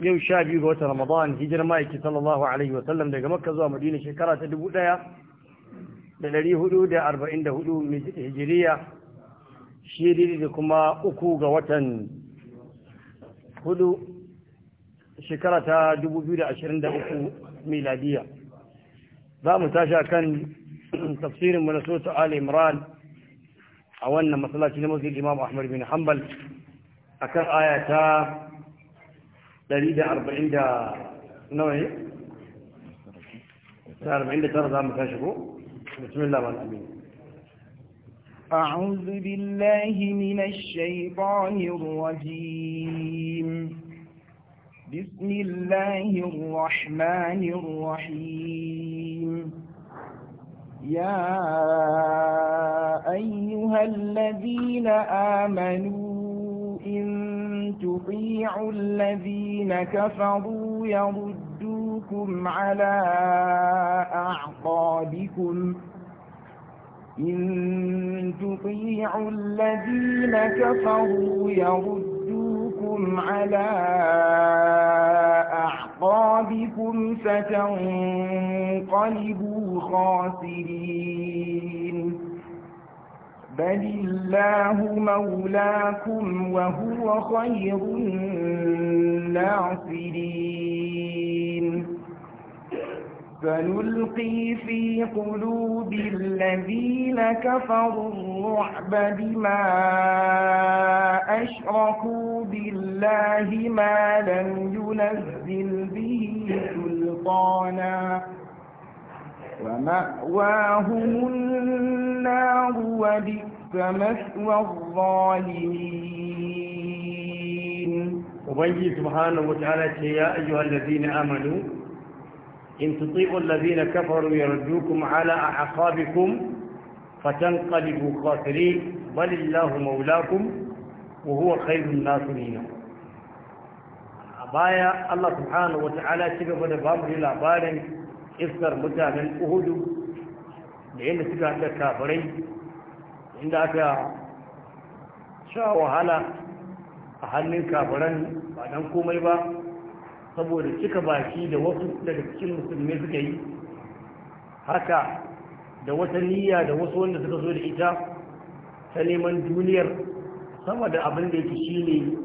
yau sha biyu ga watan ramadan hijira ma'aiki sallallahu alaihi wasallam daga makka zuwa madina shekara ta dubu ɗaya da ɗari hudu da arba'in da hudu hijiriya shiri da kuma uku ga watan hudu shekara ta dubu biyu da ashirin da uku miladiya za mu tashi kan tafsirin mu na sotu ali imran a wannan masallaci na masjid imam ahmad bin hanbal akan aya ta بريده 40 نوعي صار عندي ترى ما تشوفوا بسم الله الرحمن الرحيم اعوذ بالله من الشيطان الرجيم بسم الله الرحمن الرحيم يا ايها الذين امنوا إن تطيعوا الذين كفروا يردوكم على أعقابكم إن تطيعوا الذين كفروا يردوكم على أعقابكم فتنقلبوا خاسرين بل الله مولاكم وهو خير الناصرين فنلقي في قلوب الذين كفروا الرعب بما أشركوا بالله ما لم ينزل به سلطانا ومأواهم النار وبئس مثوى الظالمين وبنجي سبحانه وتعالى يا أيها الذين آمنوا إن تطيعوا الذين كفروا يردوكم على أعقابكم فتنقلبوا خاسرين بل الله مولاكم وهو خير الناصرين a baya Allah subhanahu wa ta'ala ci gaba da bamu labarin iskar mutanen uhudu da yadda suka haɗa kafirai inda aka sha wahala a hannun kafiran ba don komai ba saboda cika baki da wasu daga cikin musulmi suka yi haka da wata niyya da wasu wanda suka zo da ita ta neman duniyar sama da abin da yake shi ne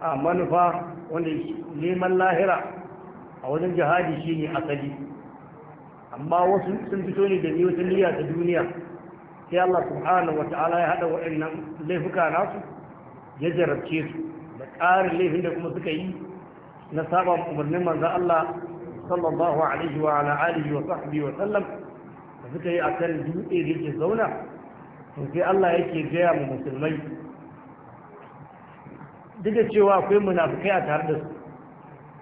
a manufa wanda neman lahira a wajen jihadi shi ne asali amma wasu sun fito ne da wata niyya ta duniya sai Allah subhanahu wa ta'ala ya hada waɗannan laifuka nasu ya jarabce su da ƙarin laifin da kuma suka yi na saba umarnin manzo Allah sallallahu alaihi wa ala alihi wa sahbihi wa sallam da suka yi akan dutse da yake zauna to sai Allah yake gaya mu musulmai duk da cewa akwai munafikai a tare da su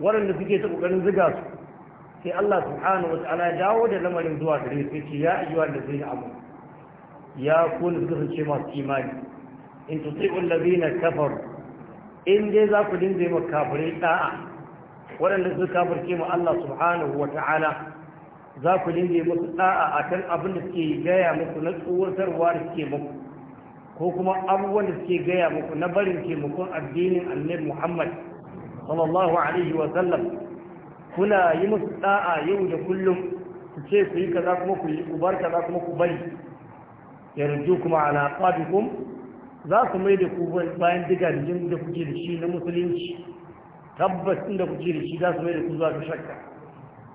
waɗanda suke ta ƙoƙarin ziga su sai Allah subhanahu wataala dawo da lamarin zuwa gare su ce ya ayyuha allazina amanu ya ku ne suka ce masu imani in tusi'u allazina kafar. in dai za ku dinga yi makafirai ɗa'a. waɗanda suka kafirce ma Allah subhanahu wataala za ku dinga yi musu a akan abin da suke gaya musu na tsoratarwa da suke muku ko kuma abubuwan da suke gaya muku na barin taimakon addinin annabi Muhammad sallallahu alaihi wa sallam kuna yi musu da'a yau da kullum ku ce su yi kaza kuma ku yi ku ka za kuma ku bari yarju kuma ala qadikum za su mai da ku bayan diga da kuke da shi na musulunci tabbas inda kuke da shi za su mai da ku zuwa ga shakka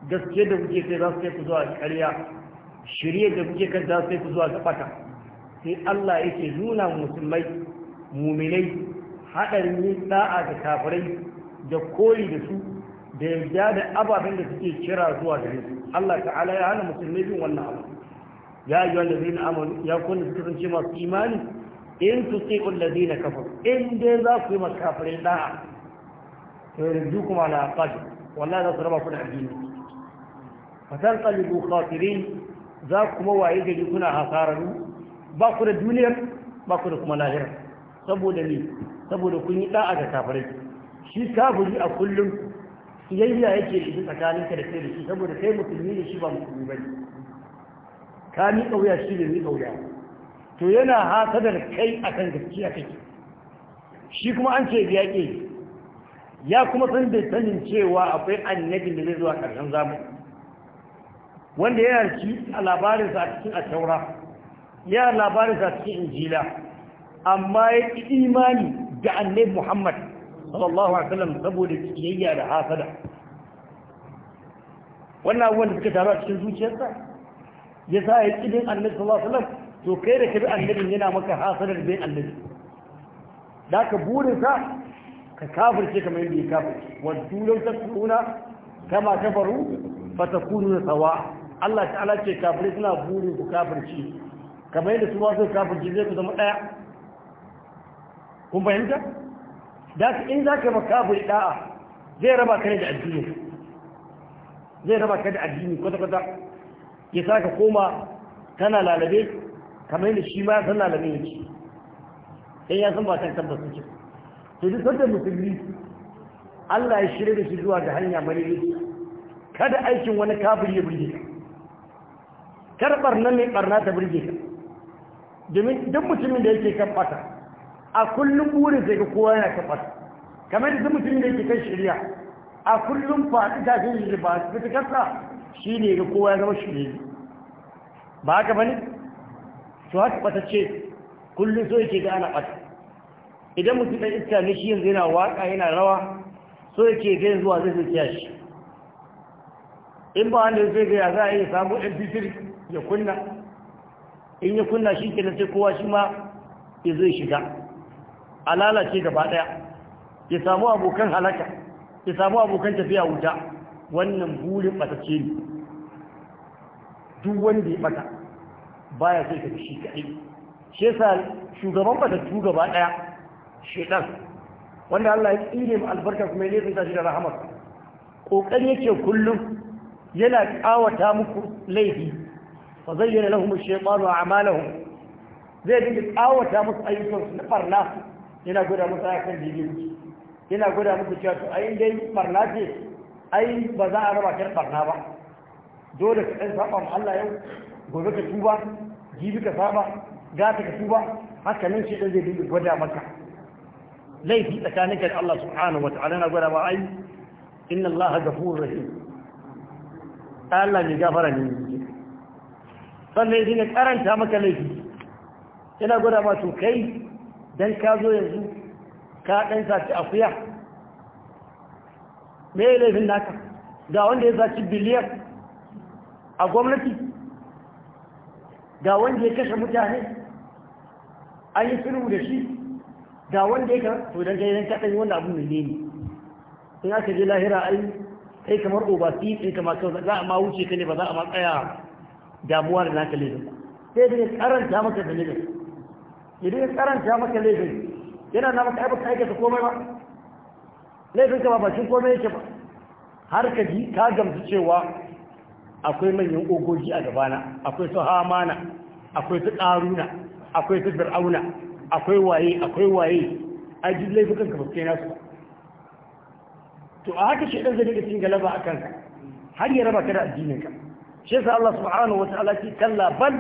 gaske da kuke sai za su kai ku zuwa ga ƙarya shirye da kuke kan za su kai ku zuwa ga fata sai Allah yake nuna musulmai muminai haɗarin yin da'a da kafirai da koli da su da yarda da ababen da suke kira zuwa gare su Allah ta'ala ya hana musulmi bin wannan abu ya yi wanda zai na'amalu ya kunna suka zance masu imani in su sai kullazi na kafar in dai za ku yi makafirin da'a to yanzu kuma na kaji wallahi za su raba ku da addini fatar tsalibu khatirin za ku kuma waye gari kuna hasararru ba ku da duniyar ba ku da kuma lahira saboda ni saboda kun yi da'a ga kafirai shi kafiri a kullum kiyayya yake da shi tsakaninka da kai da shi saboda kai mutumi ne shi ba mutumi ba ne ka ni ƙauya shi ne ni ƙauya to yana hasadar kai akan gaskiya kake shi kuma an ce ya ke ya kuma san da sanin cewa akwai annabi da zai zuwa ƙarshen zamani wanda yana ci a labarinsa a cikin ashaura yana labarinsa a cikin injila amma ya imani ga annabi muhammad sallallahu alaihi wasallam saboda kiyayya da hasada wannan abubuwan da suka taru a cikin zuciyarsa ya sa ya ƙi bin annabi sallallahu alaihi wasallam to kai da ka bi annabin yana maka hasadar bin annabi da ka burinsa ka kafirce kamar yadda ya kafirce wadda lau ta kuna kama kafaru ba ta kunu sawa Allah ta'ala ce kafirai suna burin ku kafirce kamar yadda su ba su kafirce zai ku zama ɗaya kun fahimta da in zaka ka makafuri da'a zai raba ka da addini zai raba ka da addini kwata-kwata ya sa ka koma kana lalabe kamar ne shi ma san lalabe ya ce sai ya san ba ta tabbas ce to duk sanda musulmi Allah ya shirya da shi zuwa ga hanya mare kada aikin wani kafiri ya burge ka kar barnan ne barna ta burge ka domin duk mutumin da yake kan fata a kullum burin sai ga kowa yana tabbas kamar da mutum da yake kan shirya a kullum faɗi ta fi shi ba su fita kasa shi ne ga kowa ya zama shirya ba haka bane su haka ɓata ce kullum so yake ga ana ɓata idan mutum ɗan iska ne shi yanzu yana waƙa yana rawa so yake ga yanzu wa zai zai shi in ba wanda zai ga ya za a yi samu ɗan fitir ya kunna in ya kunna shi ke sai kowa shi ma ya zai shiga a lalace gaba ɗaya ya samu abokan halaka ya samu abokan tafiya wuta wannan burin ce ne duk wanda ya bata ya sai ka shi kadai shi yasa shugaban batattu gaba daya shedan wanda Allah ya tsire mu albarka kuma ya nesa shi da rahamar kokari yake kullum yana ƙawata muku laifi fa zayyana lahum ash-shaytanu a'malahum zai dinga ƙawata musu ayyukansu na farna ina gwada musu a kan jirgin yana gwada musu cewa to ayin dai barna ce ai ba za a raba kan barna ba dole ka ɗan saba ma Allah yau gobe ka tuba jibi ka saba gata ka tuba haka nan shi ɗan zai dinga gwada maka laifi tsakaninka da Allah subhanahu wa ta'ala na gwada ba ai inna Allah ghafurur rahim Allah ne gafara ne sannan shi ne karanta maka laifi yana gwada ma to kai don ka zo yanzu ka ɗan saci akuya me ne laifin naka ga wanda ya zaci biliyan a gwamnati ga wanda ya kashe mutane an yi sulhu da shi ga wanda ya ka to don gaidan kaɗan yi wannan abin ne ne in aka je lahira ai kai kamar obasi in kama kawai za a ma wuce ka ne ba za a ma tsaya damuwa da naka laifin sai da karanta maka da laifin idan ya karanta maka laifin yana na maka aibaka aikata komai ba laifin ka ba bakin komai yake ba har ka ji ka gamsu cewa akwai manyan ogogi a gabana akwai su hamana akwai su ƙaruna akwai su birauna akwai waye akwai waye a ji laifukan ka bakai nasu ba to a haka shi ɗan zai daga cikin galaba a kanka har ya raba ka da addinin ka shi yasa Allah subhanahu wa ta'ala ki kalla bal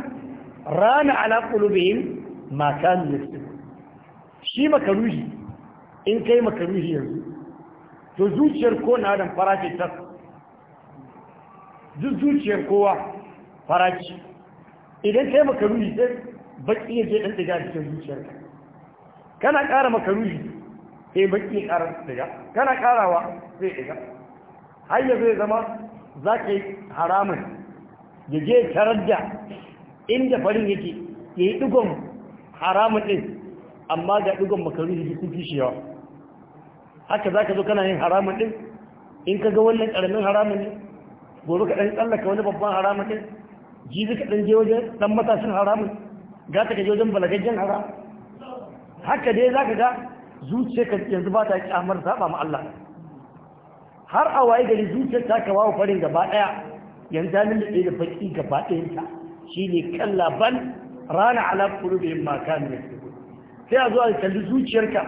rana ala qulubihim makani ya shi makaruhi in kai makaruhi yanzu to zuciyar ko na adam farace ta duk zuciyar kowa ce. idan kai makaruhi sai baki ya je dan daga cikin zuciyarka kana ƙara makaruhi sai baki ƙara daga kana karawa sai daga har ya zai zama za ka yi haramun ya je tarar da inda farin yake ya yi digon haramun ɗin amma ga ɗigon makaruhi sun fi shi yawa haka za ka zo kana yin haramun ɗin in ka ga wannan ƙaramin haramun ne gobe ka ɗan tsallaka wani babban haramun ɗin jizi ka ɗan je wajen ɗan matashin haramun ga ta ka je wajen balagaggen haram haka dai za ka ga zuciya ka yanzu ba ta kyamar zaɓa ma Allah har a wayi gari zuciyar ta ka wawo farin gaba ɗaya yanzu ta nuna ɗaya da baƙi gaba ɗayanta shi ne kan laban rana ala qulubihim ma ne yaktubun sai a zo a kalli zuciyarka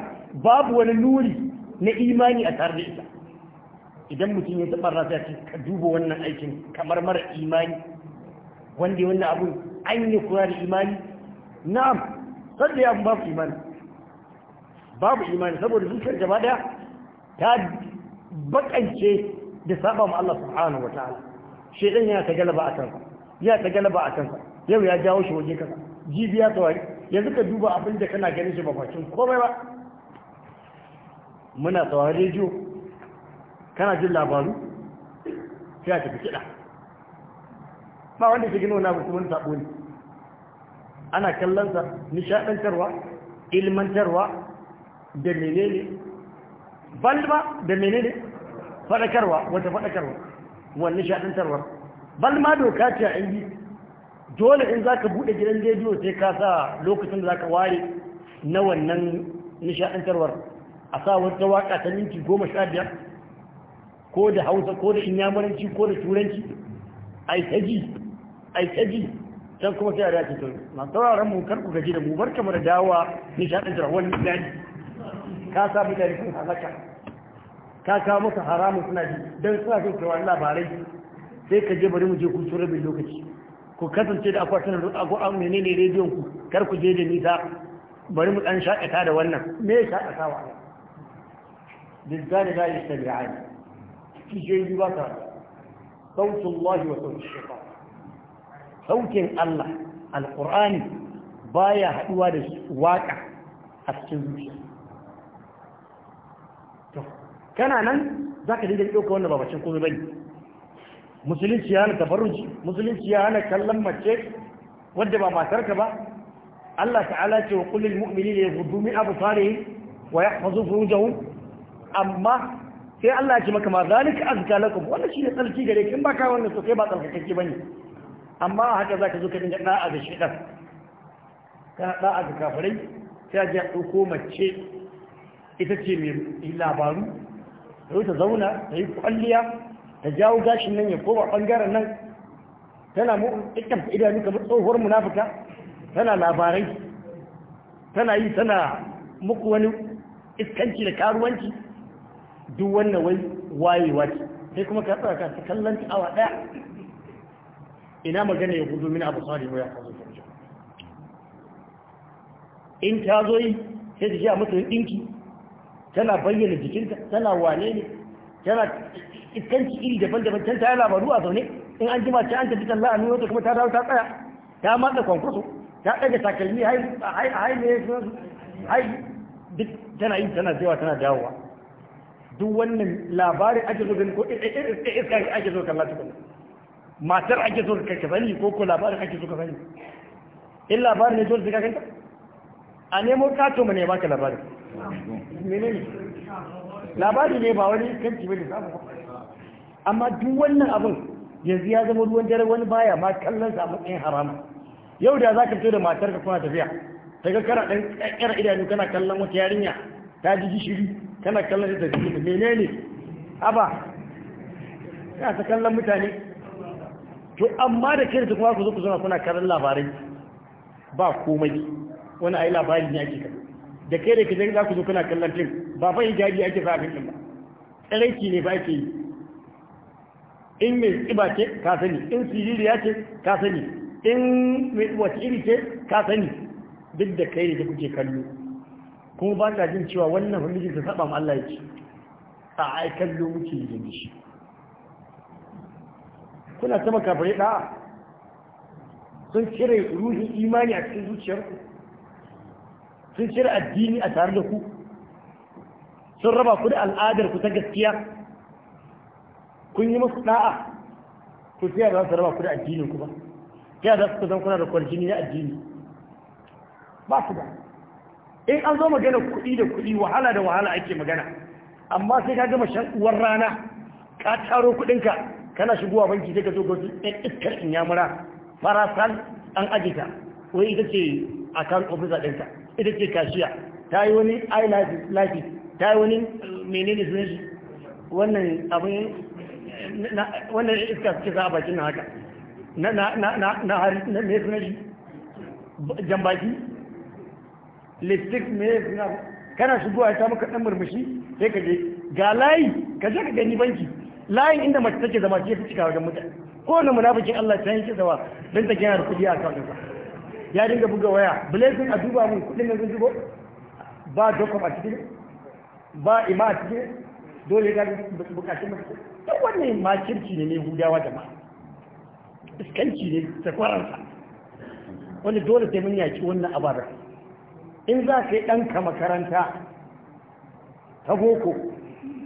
babu wani nuri na imani a tare da ita idan mutum ya taɓa rasa ce ka duba wannan aikin kamar mara imani wanda ya wannan abun an yi kura da imani na'am sadda ya babu imani babu imani saboda zuciyar gaba daya ta bakance da saba ma Allah subhanahu wa ta'ala shedan yana ta galaba a kansa yana ta galaba a kansa yau ya jawo shi waje kasa, jibi ya tsawari yanzu ka duba abin da kana ganin shi ba komai ba muna tsawon rediyo kana jin labaru sai a tafi kiɗa ba wanda ke gina wani abu kuma sabo ne ana kallonsa nishaɗantarwa ilmantarwa da menene balma da menene faɗakarwa wata faɗakarwa wani nishaɗantarwa balma doka ce a dole in zaka bude gidan rediyo sai ka sa lokacin da zaka ware na wannan nishadantarwar a sa wata waka ta minti goma sha biyar ko da hausa ko da inyamuranci ko da turanci ai ta ji ai ta ji can kuma sai a dace to na sauraron mu kar ku gaji da mu barka mu da dawa nishadantar wani misali ka sa da sun halaka ka kawo masa haramun suna ji don suna jin kawai labarai sai ka je bari mu je kusurar bin lokaci ku kasance da akwatin akwatin menene rediyon ku kar ku je da nisa bari mu dan shakata da wannan me ya wa ne bizzani da istabi'ani kijeji ba ta sautin Allah wa sautin shaitan sautin Allah alqur'ani baya haduwa da waka a cikin zuciya kana nan zaka dinga dauka wannan babacin komai bane musulunci ya hana tabarruji musulunci ya hana kallon mace wadda ba matarka ba Allah ta'ala ce wa kullum kullil mu'minina yaghuddu min absarihim wa yahfazu furujahum amma sai Allah ya ce maka ma zalika azka lakum wannan ne tsarki gare kin ba ka wannan to kai ba tsarkakake bane amma haka za ka zo ka dinga da'a da shedan ka da'a da kafirai sai ya dauko mace ita ce mai labaru ta zauna ta yi kwalliya ta jawo gashin nan ya koma bangaren nan tana mu ikkanta idanu kamar tsohuwar munafika tana labarai tana yi tana muku wani iskanci da karuwanci duk wannan wai wayewa ce sai kuma ka tsaka ta kallon awa daya ina magana ya gudu min abu sari ya kazo in ta zo yi sai ta ji a mutum dinki tana bayyana jikinta tana wane ne tana iskanci iri daban-daban can ta yi labaru a zaune in an jima can an tafi talla a nuna kuma ta dawo ta tsaya ta matsa kwankwaso ta ɗaga takalmi hai duk tana yi tana zewa tana dawowa wannan labarin ake so ko iska ake matar ake ka sani ko ko labarin ake ka sani in labarin ne a nemo kato mana ya baka labarin menene labari ne ba wani kanci bane samu amma duk wannan abin yanzu ya zama ruwan dare wani baya ma kallon sa a matsayin harama yau da zaka fito da matar ka kuna tafiya ga kana dan kakkar idanu kana kallon wata yarinya ta ji gishiri kana kallon ta tafi menene aba ka ta kallon mutane to amma da kira da kuma ku zo ku zama kuna kallon labarai ba komai wani ayi labari ne ake ka. da kai da kije za ku zo kuna kallon fim ba fa hijabi ake sa fim ba tsaraiki ne ba ake yi in mai tsiba ce ka sani in siririya ce ka sani in mai wace iri ce ka sani duk da kai da kuke kallo kuma ba ka jin cewa wannan hulmijin ta saba ma Allah ce a ai kallo muke yi shi kuna sama kafirai da sun cire ruhin imani a cikin zuciyarku sun cire addini a tare da ku sun raba ku da al'adar ku ta gaskiya kun yi musu da'a to sai za su raba ku da addinin ku ba sai za su zan kuna da kwarjini na addini ba su da in an zo magana kuɗi da kuɗi wahala da wahala ake magana amma sai ka gama shan uwar rana ka taro kuɗinka kana shigowa banki sai ka zo ga ɗan iskar in yamura farasal an ajita wai ita ce kan ofisa ɗinka ita ce kashiya ta yi wani eye lafi ta yi wani eh, menene sunan shi wannan abin wannan iska suke za a bakin na haka na hari na me suna shi jan baki lipstick me suna kana shigowa ya samu kaɗan murmushi sai ka je ga layi ka je ka gani banki layin inda mace take zama ce fi cika wajen mutane kowane munafikin Allah ta yanke zawa don take yana da kuɗi a kawai ya dinga buga waya blessing a duba mun kudin yanzu zubo ba dokom a cikin ba ima a cikin dole ga bukatun mutum duk wannan makirci ne ne hudawa da ma iskanci ne ta kwararsa. Wani dole sai mun yaki wannan ababen in za ka yi ɗanka makaranta ta boko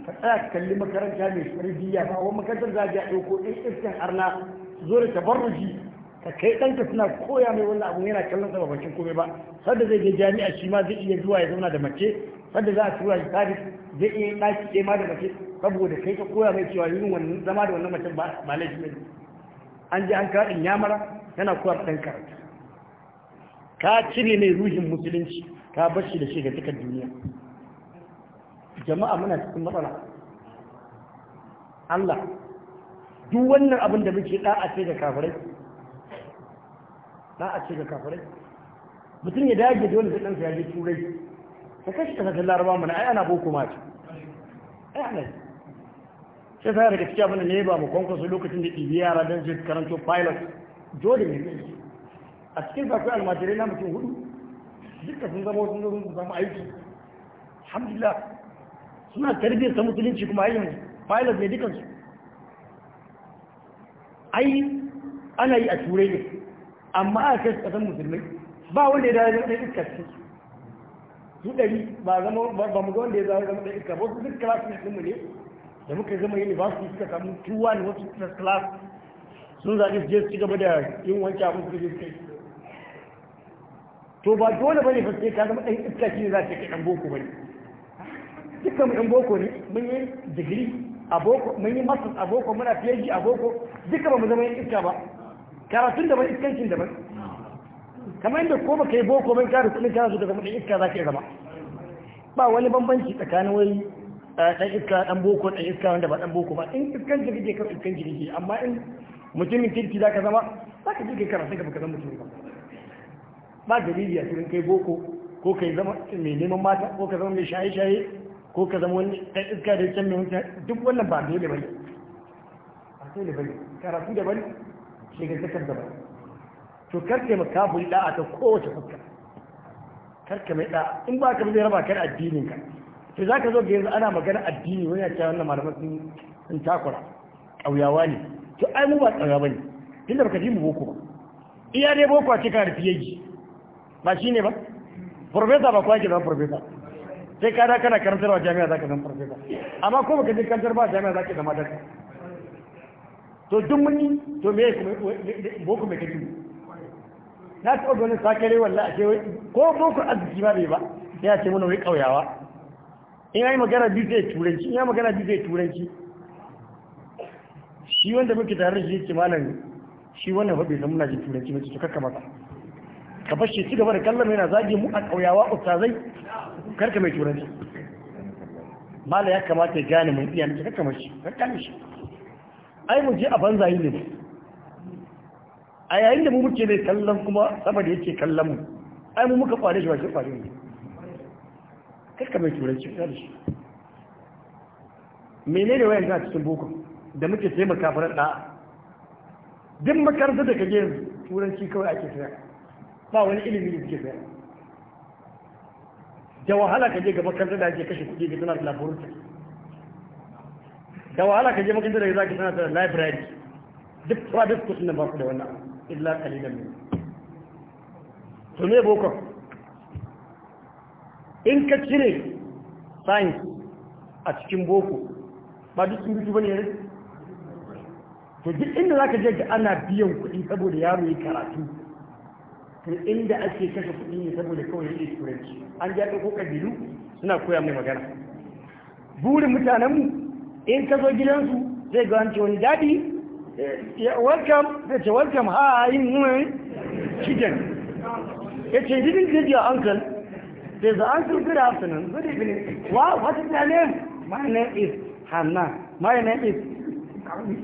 ka tsaya ka kalli makaranta mai tarbiyya ba wani makarantar za a ja ɗauko ɗin iskan arna zo da tabarruji ka kai ɗanka suna koya mai wannan abu yana kallon sama bakin komai ba sadda zai je jami'a shi ma zai iya zuwa ya zauna da mace sadda za a tura shi sabis zai iya ɗaki ɗaya ma da mace saboda kai ka koya mai cewa yin wannan zama da wannan mutum ba laifi ne an ji an kaɗin yamara yana koyar ɗan karatu ka cire mai ruhin musulunci ka bar shi da shi ga dukkan duniya jama'a muna cikin matsala Allah duk wannan abin da muke a ce ga kafirai a ce ga kafirai mutum ya dage da wani ɗansa ya je turai ka kashi kasashen laraba mana ai ana boko mace. ai ana sai sai daga cikin abinda ne ba mu kwankwaso lokacin da ɗibi yara don zai karanto pilot jordan ne ne a cikin sakwai almajirai na mutum hudu duka sun zama sun zama sun zama aiki alhamdulillah suna tarbiyyar ta musulunci kuma ayyan pilot ne dukansu ai ana yi a turai ne amma a kai kasan musulmai ba wanda ya dawo da iska cikin su dari ba mu ga wanda ya dawo da iska ba su duk kalasin mu ne da muka zama university suka samu tuwa ne wasu first class sun zaɓi su je su ci gaba da yin wanke abin su je to ba dole bane fa sai ka zama ɗan iska shi ne za ta kai ɗan boko bane dukkan mu ɗan boko ne mun yi digiri a boko mun yi masters a boko muna PhD a boko duka ba mu zama yin iska ba karatun daban iskancin daban kamar yadda ko baka yi boko ban kare kuɗin daga so zama ɗan iska za ka zama ba wani bambanci tsakanin wani ɗan eh, iska ɗan boko ɗan iska wanda ba ɗan boko ba in iskan jirgi kan iskan jirgi amma in mutumin kirki za ka zama za ka jirgi karatu ka baka zama mutum ba ba dalili a cikin kai boko ko kai zama mai neman mata ko ka zama mai shaye-shaye ko ka zama wani ɗan iska da can mai wuta duk wannan ba dole bane ba dole ne karatu da bane daban da bane to karke ma kafin da'a ta kowace fuska karke mai da'a in ba ka zai raba kan addinin ka to za ka zo ga yanzu ana magana addini wani ya wannan malaman sun sun takura ƙauyawa ne to ai mu ba ƙauya ba ne da baka ji mu boko ba iya dai boko a cika da ba shi ne ba professor ba kwaki ba professor sai kada kana karantarwa jami'a za ka zama professor amma ko baka ji karantar ba jami'a za zama daga to duk muni to me boko mai kake na taɓa ogonin sakare wallahi a ce ko boko arziki ba bai ba ya ce mun wai ƙauyawa in ya yi magana biyu zai turanci in ya magana biyu zai turanci shi wanda muke tare shi yake malam shi wannan fa bai san muna turanci mace to kakka ka fashe ci gaba da kallon yana zage mu a ƙauyawa ustazai karka mai turanci mala ya kamata ya gane mun iya nake kakka mashi kakka mashi ai mu je a banza yi ne a yayin da mu muke mai kallon kuma da yake kallon mu ai mu muka kwale shi ba shi kwale ne kakka mai turanci kusa da shi menene wayan a cikin boko da muke taimaka farar da'a duk makarantar da kage yanzu turanci kawai ake saya ba wani ilimi da suke saya da wahala ka je ga makarantar da ake kashe kuɗi ga suna da laboratory da wahala ka je makarantar da za ka suna da library duk private school na ba ku da wannan illa kalilan ne to ne boko in ka cire science a cikin boko ba duk sun bitu ba ne to duk inda za ka je ga ana biyan kuɗi saboda yaro ya karatu to inda ake kashe kuɗi ne saboda kawai yi turanci an ja ɗauko ƙabilu suna koya mai magana burin mutanenmu in ka zo gidansu zai ga wance wani daɗi eh, welcome zai ce welcome mun chicken ya ce didn't jirgin your uncle Says, Uncle, good afternoon, good evening. Wow, what is your name? My name is Hannah. My name is...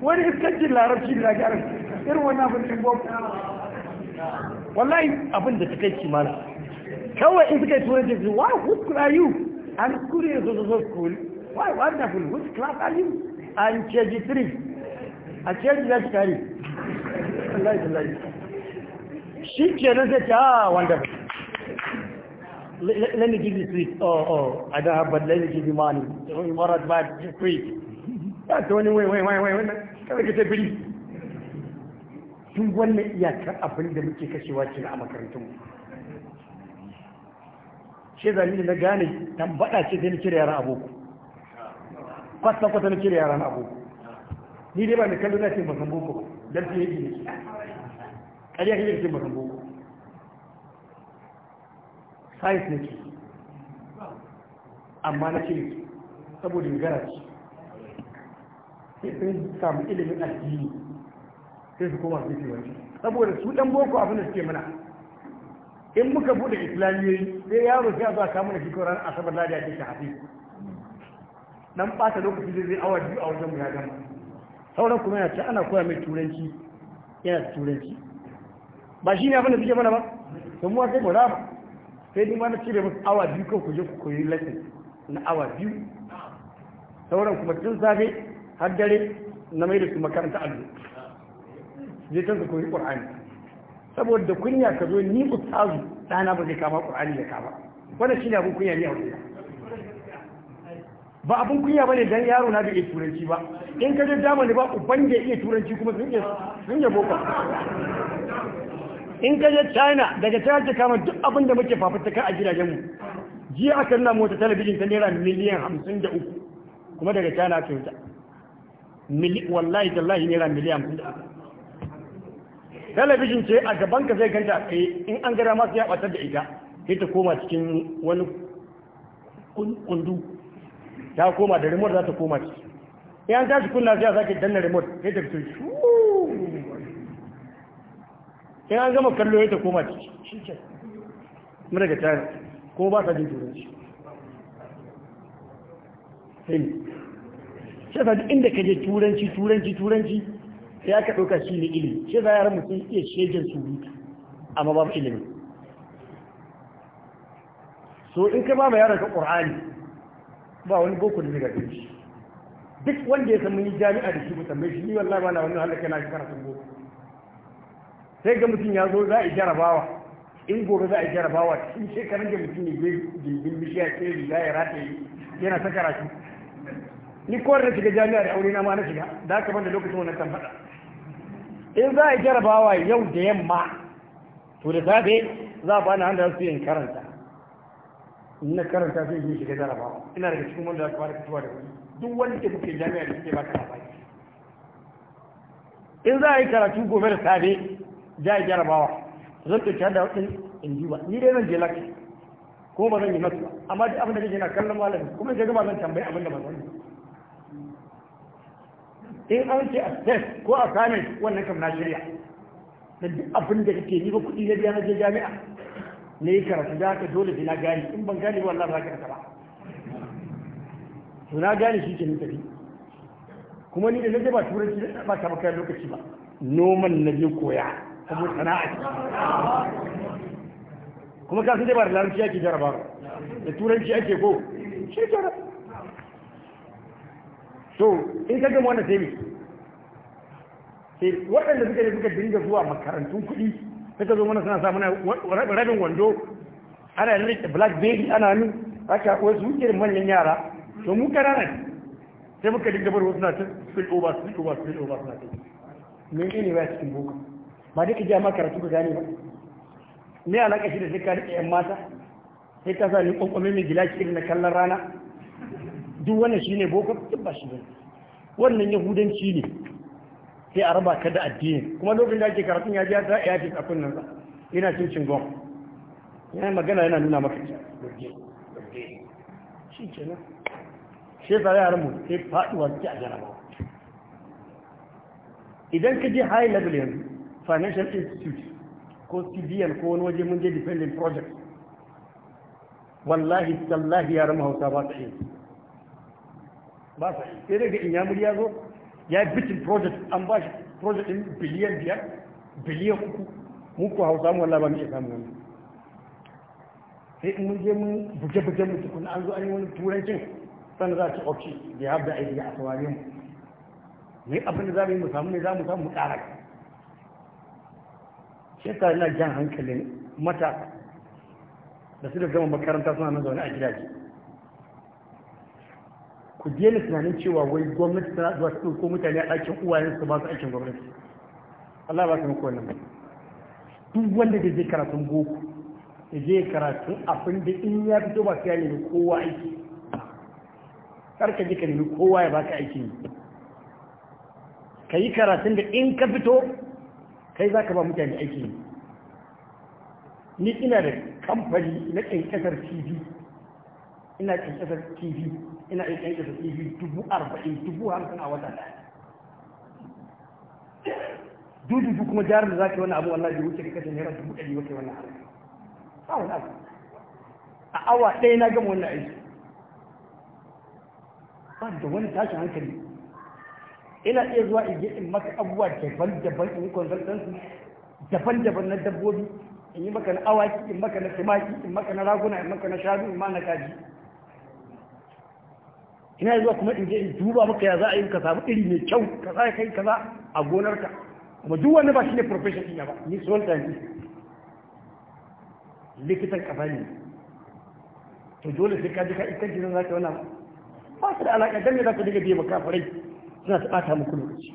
Wani iskancin larabci da gara, irin wani abin da gwam. Wallahi abin da ta kai mana. Kawai in suka yi turanci su, wow, what school are you? I'm school in so so school. Why, wonderful, which class are you? I'm KG3. A I'm za shi kare. Wallahi, wallahi. Shi ke nan ta ah, wonderful. let, me give you sweet. Oh, oh, I don't have, but let me give you money. You want to buy bad sweet. That's the only way, wait, wait, wait, wait. Can Kawai ka tafi. Tun wannan iyakar abin da muke kashewa ce a makarantun. Shi zami na gane tambaɗa ce sai nake cire yaran aboko. Kwasa kwasa na cire yaran aboko. Ni dai ba ni kallon na ce ba boko ba. Dan fiye ne. Ƙarya kake ce ba boko. science nake amma na ce saboda gara ce sai sun samu ilimin addini sai su koma suke wani saboda su dan boko abin da suke mana in muka bude islamiyoyi sai yaro sai zuwa kamun da shekaru ran asabar ladi a cikin hafi nan bata lokaci zai zai awa biyu a wajen mu ya gama sauran kuma yana ce ana koya mai turanci yana turanci ba shi ne abin da suke mana ba sun mu sai mu raba sai ni ma na cire musu awa biyu kan ku je ku koyi lesson na awa biyu sauran kuma tun safe har dare na mai da su makaranta allo je can su koyi qur'ani saboda kunya ka zo ni ustazu dana ba zai kama qur'ani ya kama wannan shine abun kunya ne a wurin ba abun kunya bane dan yaro na da iya turanci ba in ka je damani ba uban da iya turanci kuma sun iya sun iya boko in ka je china daga ta kama duk abin da muke fafutuka a gidajenmu jiya aka nuna mota talabijin ta naira miliyan hamsin da uku kuma daga china ta wuta wallahi tallahi naira miliyan hamsin da uku talabijin ce a gaban ka zai ganta a eh, in an gara masu ya batar da ita sai ta koma cikin wani kundu ta koma da remote za ta koma ciki in an tashi kunna sai a sake danna remote sai ta fito in an gama kallo ya ta koma ciki shi ce mu daga tare ko ba ka jin turanci sai shi ta inda ka je turanci turanci turanci sai aka ɗauka shi ne ilimi shi za yara mutum iya su surutu amma babu ilimi so in ka ba ma yaran ka ƙur'ani ba wani boko da zai shi duk wanda ya san mun yi jami'a da shi mu tambaye shi ni wallahi ba na wani halaka na shi karatun boko sai ga mutum ya zo za a jarabawa in gobe za a jarabawa cikin shekaran da mutum ne je jirgin bishiya ce riga ya rataye yana ta karatu ni kowar na shiga jami'a da aure na ma na shiga da haka banda lokacin wannan kan faɗa in za a jarabawa yau da yamma to da safe za a bani handa su yin karanta in na karanta sai yi shiga jarabawa ina daga cikin wanda za su fara fitowa da wani duk wanda ke kuke jami'a da suke baka labari in za a yi karatu gobe da safe ja jarabawa zan ɗauki hada waɗin in ji ba ni dai zan je laka ko ba zan yi masu ba amma duk abin da kake na kallon malami kuma sai gaba zan tambayi abin da ba zan yi in an ce a test ko a kamin wannan kam na shirya da duk abin da kake ni ba kuɗi na biya na je jami'a ne yi karatu da haka dole sai na gane in ban gane ba Allah ba ka kasa ba to na gane shi ke ni tafi kuma ni da na je ba turanci ba ta baka lokaci ba noman na je koya kuma sana'a kuma ka sai ba da larabci ake jaraba da turanci ake ko shi jara so in ka gama wannan sai ne sai waɗanda suka ne suka dinga zuwa makarantun kuɗi suka zo mana suna samun rabin wando ana yin black baby ana nan haka wasu irin manyan yara to mu ƙananan sai muka dinga bar wasu na ta spill over spill over spill over suna ta menene ba cikin boko ba duka jiya ma karatu ka gani ba ne a shi da sai ka rike yan mata sai ta sa ni kwankwamin mai gila irin na kallon rana duk wannan shi ne boko duk ba shi ne wannan yahudanci ne sai a raba ka da addini kuma lokacin da ake karatun ya ja ta yafi fi tsakon nan yana cin cin gong yana magana yana nuna maka ta shi kenan sai sa yaran mu sai faduwa ke a jarabawa idan ka je high level yanzu financial institute ko cbn ko wani waje mun je dependent project wallahi tallahi rama hausa ba ta ba sa iya sai daga inyamuri ya zo ya yi bitin project an ba shi project din biliyan biyar biliyan uku muku hausa mu wallahi ba mu iya samu wani sai in mun je mun buge-buge mu tukun an zo an yi wani turancin san za ci ok da ya da aiki a saurare mu ne abin da za mu yi mu samu ne za mu samu mu tsara shi sa ina jan hankalin mata da su da gama makaranta suna nan zaune a gidaje ku daina tunanin cewa wai gwamnati tana zuwa su ko mutane a ɗakin uwayen su ba su aikin gwamnati Allah ba su muku wannan duk wanda da zai karatun boko da zai karatun abin da in ya fito ba su ya nemi kowa aiki karka ji ka nemi kowa ya baka aiki ne ka yi karatun da in ka fito kai za ka ba mutane aiki ne ni ina da kamfani na ƙanƙasar tv ina ƙanƙasar tv ina ƙanƙasar tv dubu arba'in dubu hamsin a wata ɗaya dudu duk kuma jarin da za ka yi wani abu wallahi bai wuce ka kashe naira dubu ɗari wata wani abu ba wani abu a awa ɗaya na gama wannan aiki ba da wani tashin hankali ina iya zuwa in je in maka abubuwa daban-daban in yi consultancy daban-daban na dabbobi in yi maka na awaki in maka na tumaki in maka na raguna in maka na shanu in ma na kaji ina zuwa kuma in je in duba maka ya za a yi ka samu iri mai kyau ka za kai kaza a gonarka kuma duk wani ba shi ne profession ɗin ba ni ta tsanci likitan kafa ne to dole sai ka ji ka ita gidan za ka ba su da alaƙa dan ne za ka diga biye maka farai suna ta ɓata muku lokaci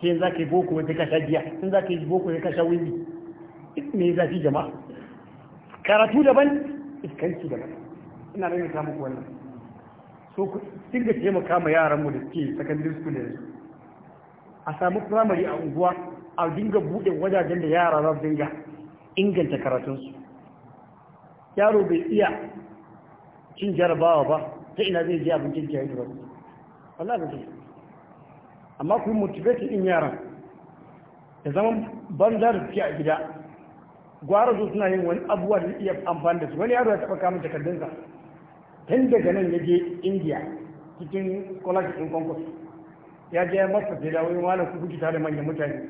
sai yanzu za ka yi boko wata kasha biya sun za ka yi boko wata kasha windi me zafi jama'a karatu daban iskanci daban ina nan ta muku wannan so ku dinga taimaka ma yaran mu da suke secondary school da yanzu a samu primary a unguwa a dinga buɗe wajajen da yara za su dinga inganta karatunsu yaro bai iya cin jarabawa ba ta ina zai je abincin jahil ba wallahi ba amma ku motivate in yaran da zama banza da suke a gida gwara su suna yin wani abuwa da iya amfani da su wani yaro ya taɓa kamun takardunsa tun daga nan ya je india cikin college sun concourse ya je masa da dawo yin wani kuku tare da manyan mutane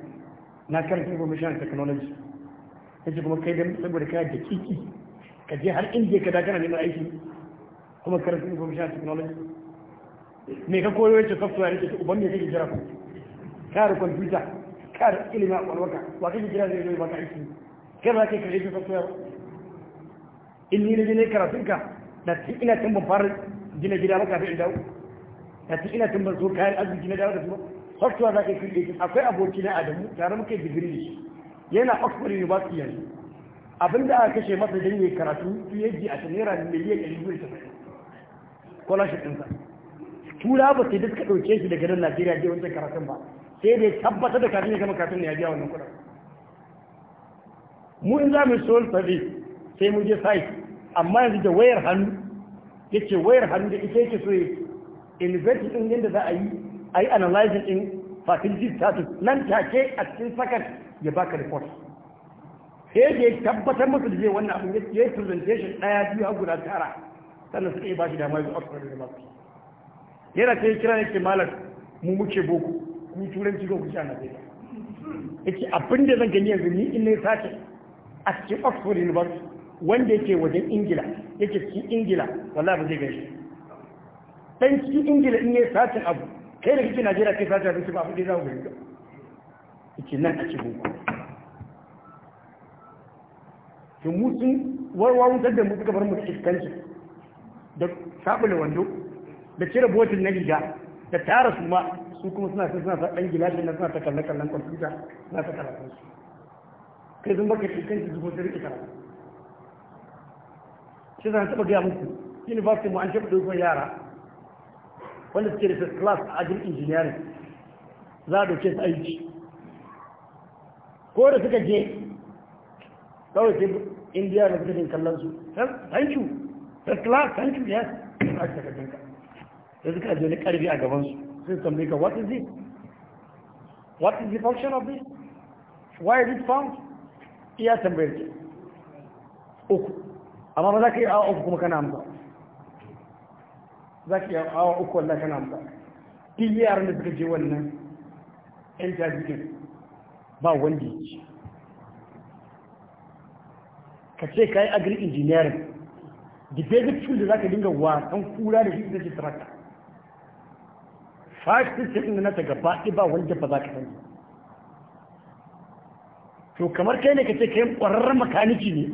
na kan information technology ce kuma kai da saboda kana da kiki ka je har india ka dakana neman aiki kuma karfin information technology me ka koyo yace software yake uban me kake jira ku kar computer kar ilimi a kwalwaka wa kake jira zai zo baka aiki kai ba kake kare software in ni ne ne karatunka da tun ina tun ban fara gina gida maka kafin in da tun ina tun ban zo kayan arziki na dawo da su software za ka kike akwai aboki na adamu tare muke digiri yana oxford university yanzu abinda aka kashe masa don yi karatu phd a naira miliyan 170 shi ɗinsa tura ba sai duka ɗauke shi daga nan najeriya je wancan karatun ba sai dai tabbatar da kafin ya gama karatun ne ya biya wannan kuɗin mu in za mu yi sol service sai mu je site amma yanzu da wayar hannu yace wayar hannu da ita yake so yi invest din yadda za a yi a yi analyzing din facility status nan take a cikin sakat ya baka report sai dai tabbatar musu da zai wannan abin ya yi presentation ɗaya biyu har guda tara sannan suka yi ba shi da ya zo oxford university yana ta yi kira yake malar mu muke boko mu turanci ga kusa na zai yake abin da zan gani yanzu ni in ne sake a cikin oxford university wanda yake wajen ingila yake cikin ingila wala ba zai gaishe dan cikin ingila in ne sace abu kai da kike najeriya kai sace abinci ba kudi za ku gani yake nan a cikin boko to mutum sun da mu suka bar mu da iskanci da wando da cire botin na riga da tara su ma su kuma suna suna sa dan gilashin na suna ta kallan kallon kwamfuta suna ta karatun su kai zan baka shi kanki zubo ta rike karatu shi zan taɓa gaya muku university mu an taɓa dogon yara wanda suke da first class a ajin engineering za a doke su aiki ko da suka je kawai sai indiya da suka kallon su thank you first class thank you yes a cikin ka sai suka ajiye ni karfi a gaban su sai tambaye ka what is it what is the function of this why is it found iya tambayar ki uku amma ba za ka yi awa uku kuma kana amsa za ka yi awa uku wanda kana amsa duk yaran da suka je wannan yan ba wanda ya ci ka ce ka yi agri engineering the basic tool da za ka dinga wasan kura da shi ita ce tractor fatin da nasa gaba ba wanda ba za ka sani to kamar kai ne ka ce kai ƙwararren makaniki ne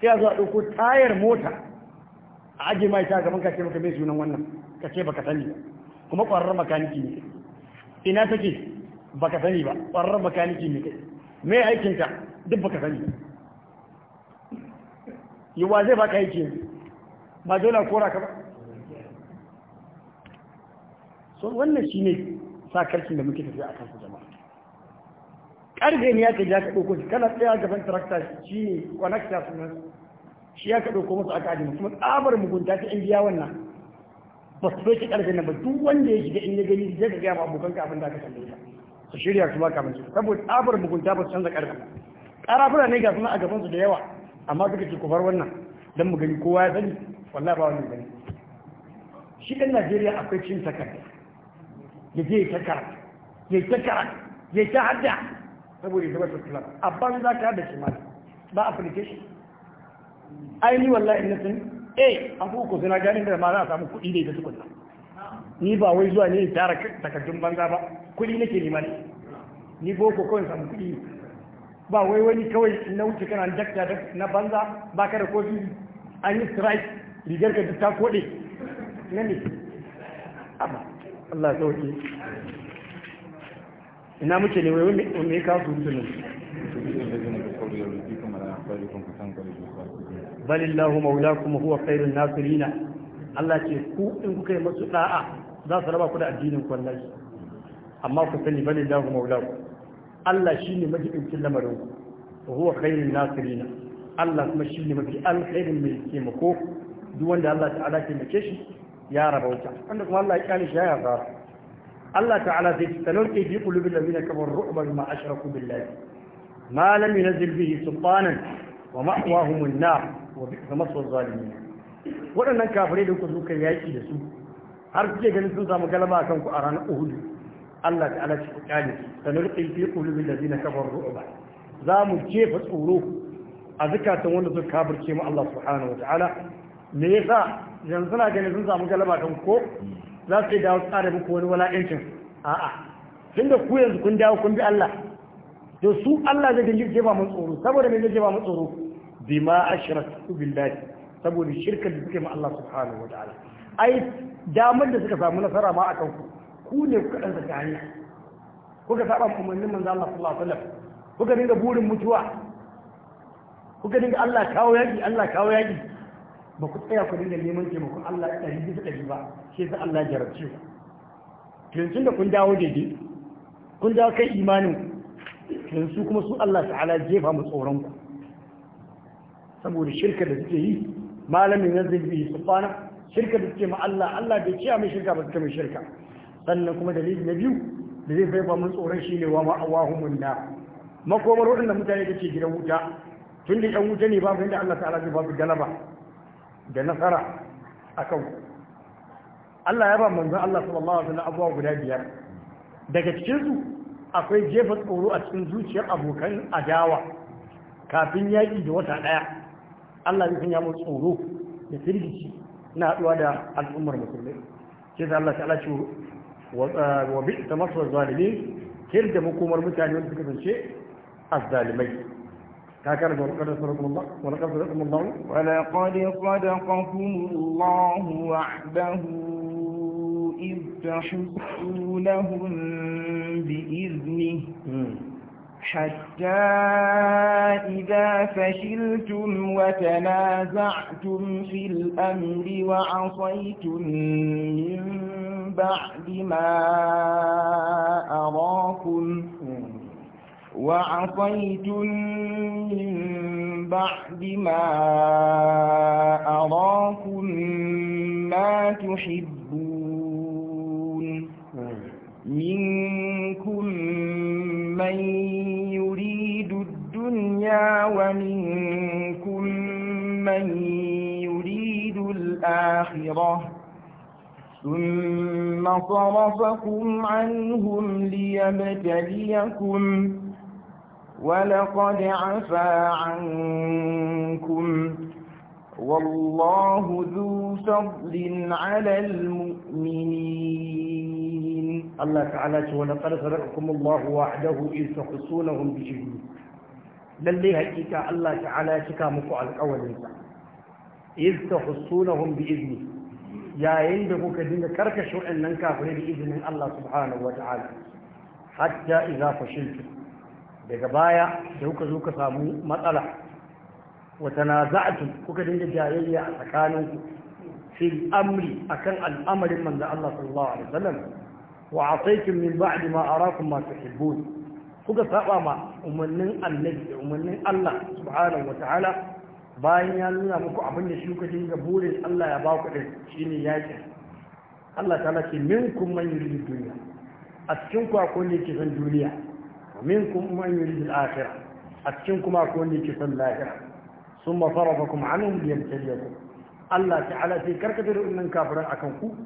sai a zuwa ɗauko tayar mota a aje mai ta gaban ka ce maka mai sunan wannan ka ce baka sani ba kuma ƙwararren makaniki ne ina take baka sani ba ƙwararren makaniki ne kai me aikinta duk baka sani yi wa zai baka aiki ba dole a kora ka ba so wannan sa sakarcin da muke tafiya kan su jama'a ƙarfe ne ya ka ja ka ɗauko shi kana tsaya gaban tarakta shi ne kwanakta suna. shi ya ka ɗauko masu aka ajiyar, kuma tsabar mugunta ta yan biya wannan ba su ɗauki ƙarfe na ba duk wanda ya shiga in ya gani zai ka gaya ma abokan kafin da aka tambaye ka su shirya su ma kafin su saboda tsabar mugunta ba su canza ƙarfe ƙarafuna ne ga suna a gabansu da yawa amma suka ce ku bar wannan don mu gani kowa ya sani wallahi ba wani gani shi ɗan najeriya akwai cin takarda ya je ta karatu ya ta karatu ya ta hadda saboda ya zama tattalin a banza ka da shi ma ba application aini wallahi eh, na sun eh an ku ko suna ganin da ma za a samu kuɗi da ita tukunna ni ba wai zuwa ne in tara takardun banza ba kuɗi nake nema ne ni boko kawai samu kuɗi ba wai wani kawai na wuce kana dakta na banza ba ka da kofi an yi strike rigar ka ta koɗe na ne amma Allah sauke ina muke ne wai me ya kawo surutunan balillahu maulakum huwa khairun nasirina Allah ce ku in kuka yi masu da'a za su raba ku da addinin ku wallahi amma ku sani balillahu maulakum Allah shine majibincin lamarin ku huwa khairun nasirina Allah kuma shine mafi alkhairin mai taimako duk wanda Allah ta'ala ke mace shi ya rabauta wanda kuma Allah ya kyale shi ya fara Allah ta'ala zai talauke fi qulubil ladina kafaru ru'ban ma ashraku billahi ma lam yunzil bihi sultanan wa ma'wahum an-nar wa bi'sa maswa zalimin waɗannan kafirai da kuka zuka yaki da su har kuke ganin sun samu galaba akan ku a ranar Uhudu Allah ta'ala ci ku kyale talauke fi da ladina kamar ru'ban za mu jefa tsoro a zukatan wanda suka kafirce mu Allah subhanahu wa ta'ala me yasa yanzu suna ganin sun samu galaba kan ko za su dawo tsara muku wani wala'ancin a'a tun da ku yanzu kun dawo kun bi Allah to su Allah zai dinga jefa mun tsoro saboda me zai jefa mun tsoro ma ashraku billahi saboda shirkar da suke ma Allah subhanahu wataala ai damar da suka samu nasara ma akan ku ku ne ku dan saka hanya kuka saba umarnin manzo Allah sallallahu alaihi wasallam kuka dinga burin mutuwa kuka dinga Allah kawo yaki Allah kawo yaki ba ku tsaya ku dinga neman taimako Allah ɗari bisa ɗari ba sai sa Allah ya jarabce ku yanzu da kun dawo daidai kun dawo kai imanin ku yanzu kuma su Allah ta'ala jefa mu tsoron ku saboda shirka da suke yi malamin yanzu bi subhana shirka da suke ma Allah Allah bai ce mai shirka ba suke mai shirka sannan kuma dalili na biyu da zai bai ba mun tsoron shine wa ma'awahumun na makomar waɗanda mutane da ke gidan wuta tun da ƴan wuta ne babu inda Allah ta'ala zai ba su galaba da nasara a kan Allah ya ba manzan Allah sallallahu alaihi wasallam abuwa guda biyar daga cikinsu akwai jefa tsoro a cikin zuciyar abokan adawa kafin yaƙi da wata ɗaya Allah zai sanya mu tsoro da firgici na haɗuwa da al'ummar musulmai sai da Allah ta'ala ce wa uh, bi ta masu zalimi kir da mutane wanda suka zance azzalimai كان ولقد صدقكم الله ولقد صدقكم الله ولقد صدقكم الله وعده إذ تحسونهم بإذنه حتى إذا فشلتم وتنازعتم في الأمر وعصيتم من بعد ما أراكم وعصيتم من بعد ما أراكم ما تحبون منكم من يريد الدنيا ومنكم من يريد الآخرة ثم صرفكم عنهم ليبتليكم ولقد عفا عنكم والله ذو فضل على المؤمنين الله تعالى قال صدقكم الله وحده إذ تخصونهم بإذنه للي حقيقة الله تعالى شكا مقوع الأول إذ تخصونهم بإذنه يا ينبغو كذين كركشوا أن ننكافر بإذن الله سبحانه وتعالى حتى إذا فشلتم daga baya da kuka zo ka samu matsala wata na za'atu kuka dinga jayayya a tsakaninku fil amri akan al'amarin manzo Allah sallallahu alaihi wasallam wa asaytum min ba'di ma arakum ma tuhibbun kuka saba ma umarnin annabi da umarnin Allah subhanahu wa ta'ala bayan ya nuna muku abin da shi kuka dinga burin Allah ya ba ku din shine yaki Allah ta'ala ce minkum man yuridu dunya a cikin ku akwai ne ke san duniya minkum man yuridu al-akhirah a cikin kuma ko wanda yake son lahira summa sarafakum anhum liyabtaliyakum Allah ta'ala sai karkata da wannan kafiran akan ku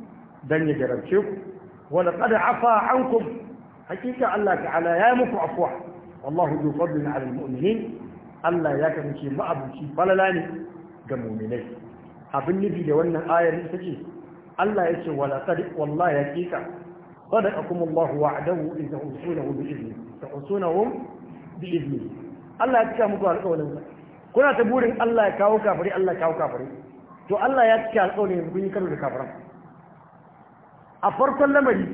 dan ya jarabce ku wa laqad afa ankum hakika Allah ta'ala ya muku afwa wallahu dhu fadlin 'ala al-mu'minin Allah ya kasance ma'abuci falala ne ga mu'minai abin nufi da wannan ayar ita ce Allah ya ce wala qad wallahi hakika صدقكم الله وعده إذا أوصونه بإذنه taqsunahum bi idni Allah ya cika muku alƙawarin kuna ta burin Allah ya kawo kafiri Allah ya kawo kafiri to Allah ya cika alƙawarin kun yi karo da kafiran a farkon lamari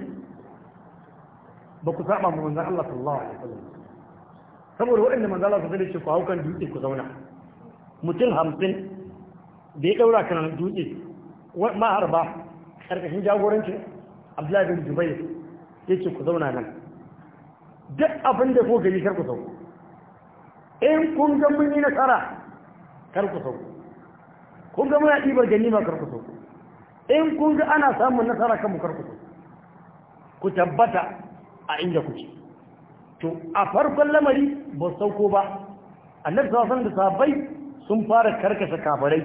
ba ku saba mu manzon Allah sallallahu alaihi wasallam saboda waɗanda manzon Allah sallallahu alaihi wasallam ku haukan dutse ku zauna mutum hamsin da ya ɗaura kan dutse ma'arba ƙarƙashin jagorancin Abdullahi bin Jubair yake ku zauna nan duk abin da ko gari karku sauko in kun ga mun yi nasara karku sauko kun ga muna ɗibar ganima karku sauko in kun ga ana samun nasara kanmu karku sauko ku tabbata a inda kuke to a farkon lamari ba sauko ba annabi san da sabai sun fara karkasa kafirai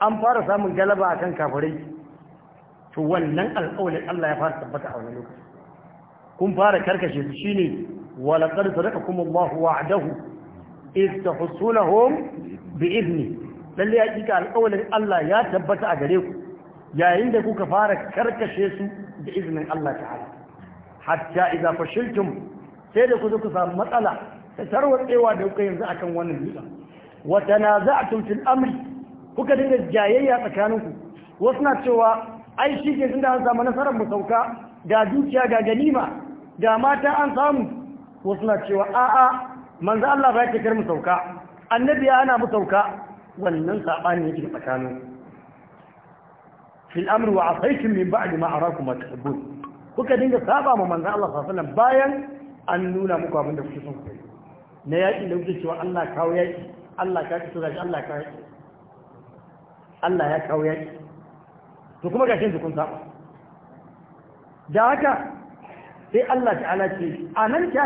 an fara samun galaba akan kafirai to wannan alƙawarin Allah ya fara tabbata a wani lokaci kun fara karkashe su shine walaqad sadaqakum Allahu wa'dahu iz tahsunahum bi'izni lalle hakika alƙawarin Allah ya tabbata a gare ku yayin da kuka fara karkashe su da iznin Allah ta'ala hatta idza fashiltum sai da ku samu matsala ta tarwatsewa da kuka yanzu akan wannan dutse wa tanaza'tum fil amri kuka dinga jayayya tsakaninku wasu na cewa ai shi ke tunda an samu nasarar mu sauka ga zuciya ga ganima da mata an samu wasu na cewa a'a manzo Allah ba ya ce kar mu sauka annabi ya ana mu sauka wannan sabani yake tsakanin fil amri wa asaytum min ba'di ma arakum tuhibbun kuka dinga saba ma manzo Allah sallallahu alaihi bayan an nuna muku abin da kuke son ku na yaki da kuke cewa Allah kawo yaki Allah ka ci gashi Allah ka yaki Allah ya kawo yaki to kuma gashin kun saba da haka sai Allah ta'ala ce a nan ce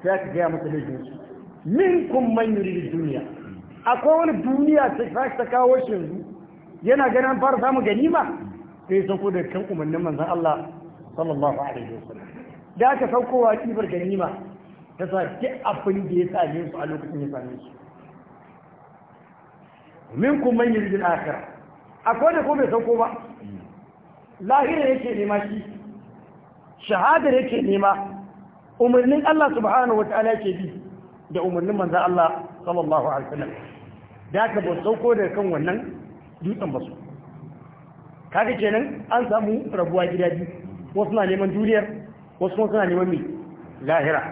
sai ka gaya masa laifin su min kun manyan yuri duniya akwai wani duniya ta ta kawo shi yanzu yana ganin fara samu ganima sai san ko da kan umarnin manzan Allah sallallahu alaihi sallam. da aka saukowa kibar ganima ta sa duk abin da ya same su a lokacin ya same su min kun manyan yuri akhirah akwai da ko bai sauko ba lahira yake nema shi shahadar yake nema umarnin Allah subhanahu wa ta'ala yake bi da umarnin manzo Allah sallallahu alaihi wasallam da ka ba sauko da kan wannan dutsen ba su kaga kenan an samu rabuwa gida biyu wasu na neman duniyar wasu kuma suna neman mai lahira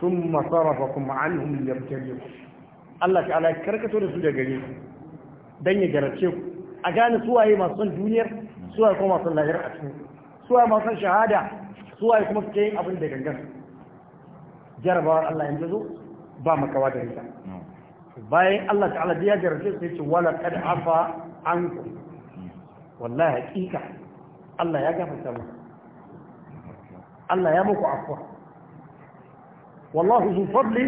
sun masarafa kuma an hun yabtare ku Allah Ta'ala ya karkato da su daga gare ku don ya garace ku a gane suwaye masu son duniyar suwaye kuma masu lahira a cikin suwaye masu shahada su waye kuma suke yin abin da gangan jarabawar Allah yanzu zo ba makawa da rita bayan Allah ta'ala ya jarabce sai ce wala kad afa anku wallahi hakika Allah ya gafarta sama. Allah ya muku afwa wallahu zu fadli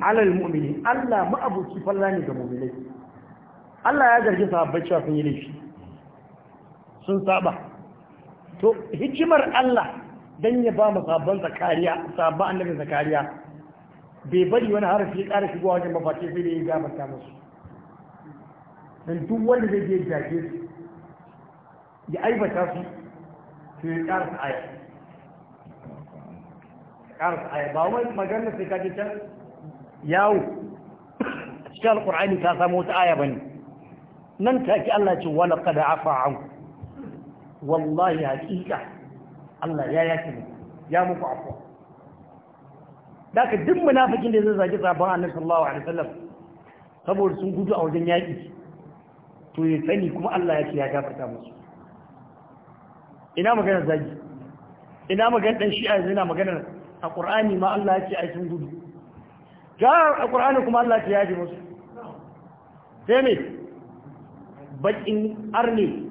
ala almu'minin Allah ma abuci fallani ga mu'minai Allah ya zargi sahabbai cewa sun yi laifi sun saba to hikimar Allah dan ya ba mu sabon zakariya sabon annabi zakariya bai bari wani harafi ya ƙara shigowa wajen mafaci sai da ya gabata musu dan duk wanda zai je jage su ya aibata su su ya ƙara su aya ƙara su aya ba wai maganar sai ka je can yawo cikin alƙur'ani ta samu wata aya bane nan take Allah ce wala qad afa anku wallahi hakika Allah ya yaki mu ya muku afwa daga duk munafikin da zai zagi sabon annabi sallallahu alaihi wasallam saboda sun gudu a wajen yaki to ya sani kuma Allah ya ce ya gafarta musu ina magana zagi ina magana dan shi'a yanzu magana a Qur'ani ma Allah yake ai sun gudu ga a Qur'ani kuma Allah yake ce ya ji musu sai me bakin arne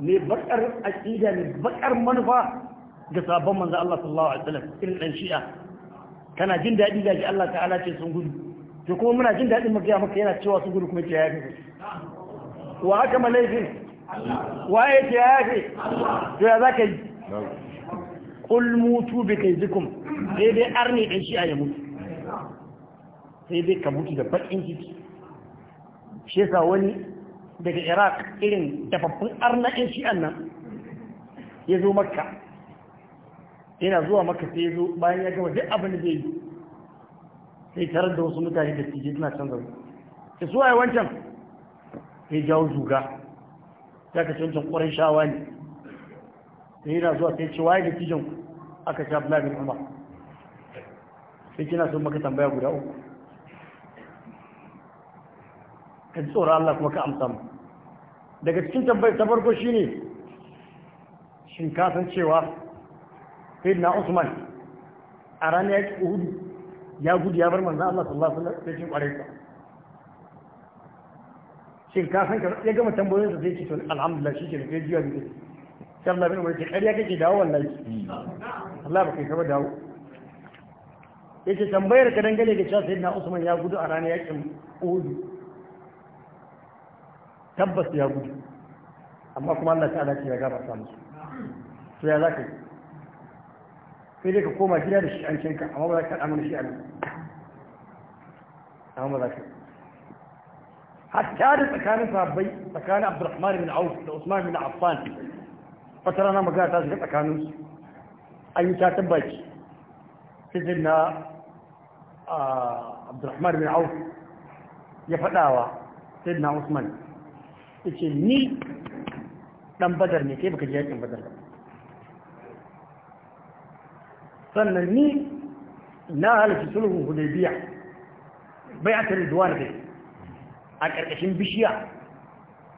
ne bakar aqida mai bakar manufa ga sabon manzo Allah sallallahu alaihi wasallam irin dan shi'a kana jin dadi ga shi Allah ta'ala ce sun gudu to kuma muna jin dadin mabiya maka yana cewa sun gudu kuma ce ya fi wa haka malaifin wa ya ce ya fi to ya zaka yi qul mutu bi kayzikum sai dai arni dan shi'a ya mutu sai dai ka mutu da bakin ciki shi yasa wani daga iraq irin dafaffun arna'in shi'an nan ya zo makka yana zuwa makka sai ya zo bayan ya gama duk abin da zai yi sai tarar da wasu mutane da suke suna can zaune Ya suwa ya wancan sai jawo zuga ya ka cancan ƙwarar shawa ne sai yana zuwa sai ce waye da kijin aka sha bulagin umar sai kina sun maka tambaya guda uku ka ji tsoron Allah kuma ka amsa mu daga cikin tabbai ta farko shine shin ka san cewa sayyidina Usman a ranar yaki ya gudu ya bar manzon Allah sallallahu alaihi wasallam cikin kwarai ka shin ka san ya gama tambayoyin sa sai ce to alhamdulillah shi ke da jiya ne sai Allah bin wani kariya kake dawo wallahi Allah ba kai ka dawo yace tambayar ka dangane da cewa sayyidina Usman ya gudu a ranar yakin tabbas ya gudu amma kuma Allah ta'ala ce ya gafarta musu to ya zaka sai dai ka koma gida da shi an cinka amma ba za ka amana shi Allah amma ba za ka hatta da tsakanin sahabbai tsakanin Abdurrahman bin Auf da Usman bin Affan fatara na magana ta shiga tsakanin su an yi ta tabbaci sai na Abdurrahman bin Auf ya fadawa sai na Usman yace ni dan badar ne kai baka ji yakin badar ba sannan ni na halarci sulhun hudaybiya bai'atul ridwan kai a karkashin bishiya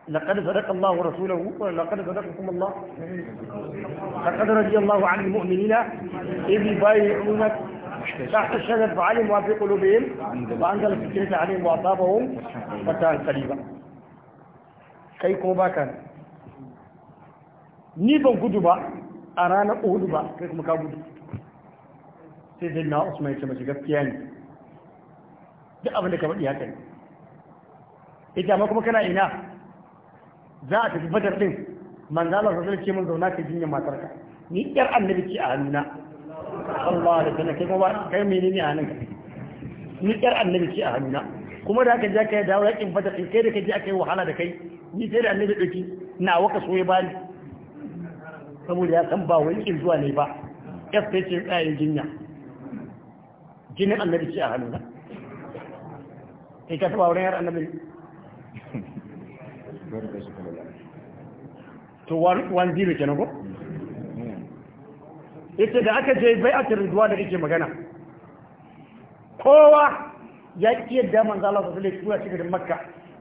لقد صدق الله ورسوله لقد صدقكم الله لقد رضي الله عن المؤمنين إذ يبايعونك تحت الشجر فعلموا في قلوبهم وأنزل السكينة عليهم وأصابهم فتاة قريبا kai ko baka nan ni ban gudu ba a ranar uhudu ba kai kuma ka gudu sai sai na usman ya ce mace gaskiya ne duk abin da ka faɗi haka ne ita ma kuma kana ina za a tafi badar din manzalar Allah zai ce mun zauna ka jinya matarka ni yar annabi ce a hannuna Allah da sanar kai kuma kai menene a hannunka ni yar annabi ce a hannuna kuma da aka je ka dawo ya kin fata kai da kaji aka yi wahala da kai ni sai da annabi dauki na waka soye ni saboda ya san ba wani in zuwa ne ba ya sai ce tsayin jinya jinin annabi ce a hannuna kai ka taba wurin yar annabi to wan zero kenan ko yace da aka je bai a ridwan da yake magana kowa ya ki yadda manzo Allah sallallahu alaihi wasallam ya tura shi Makka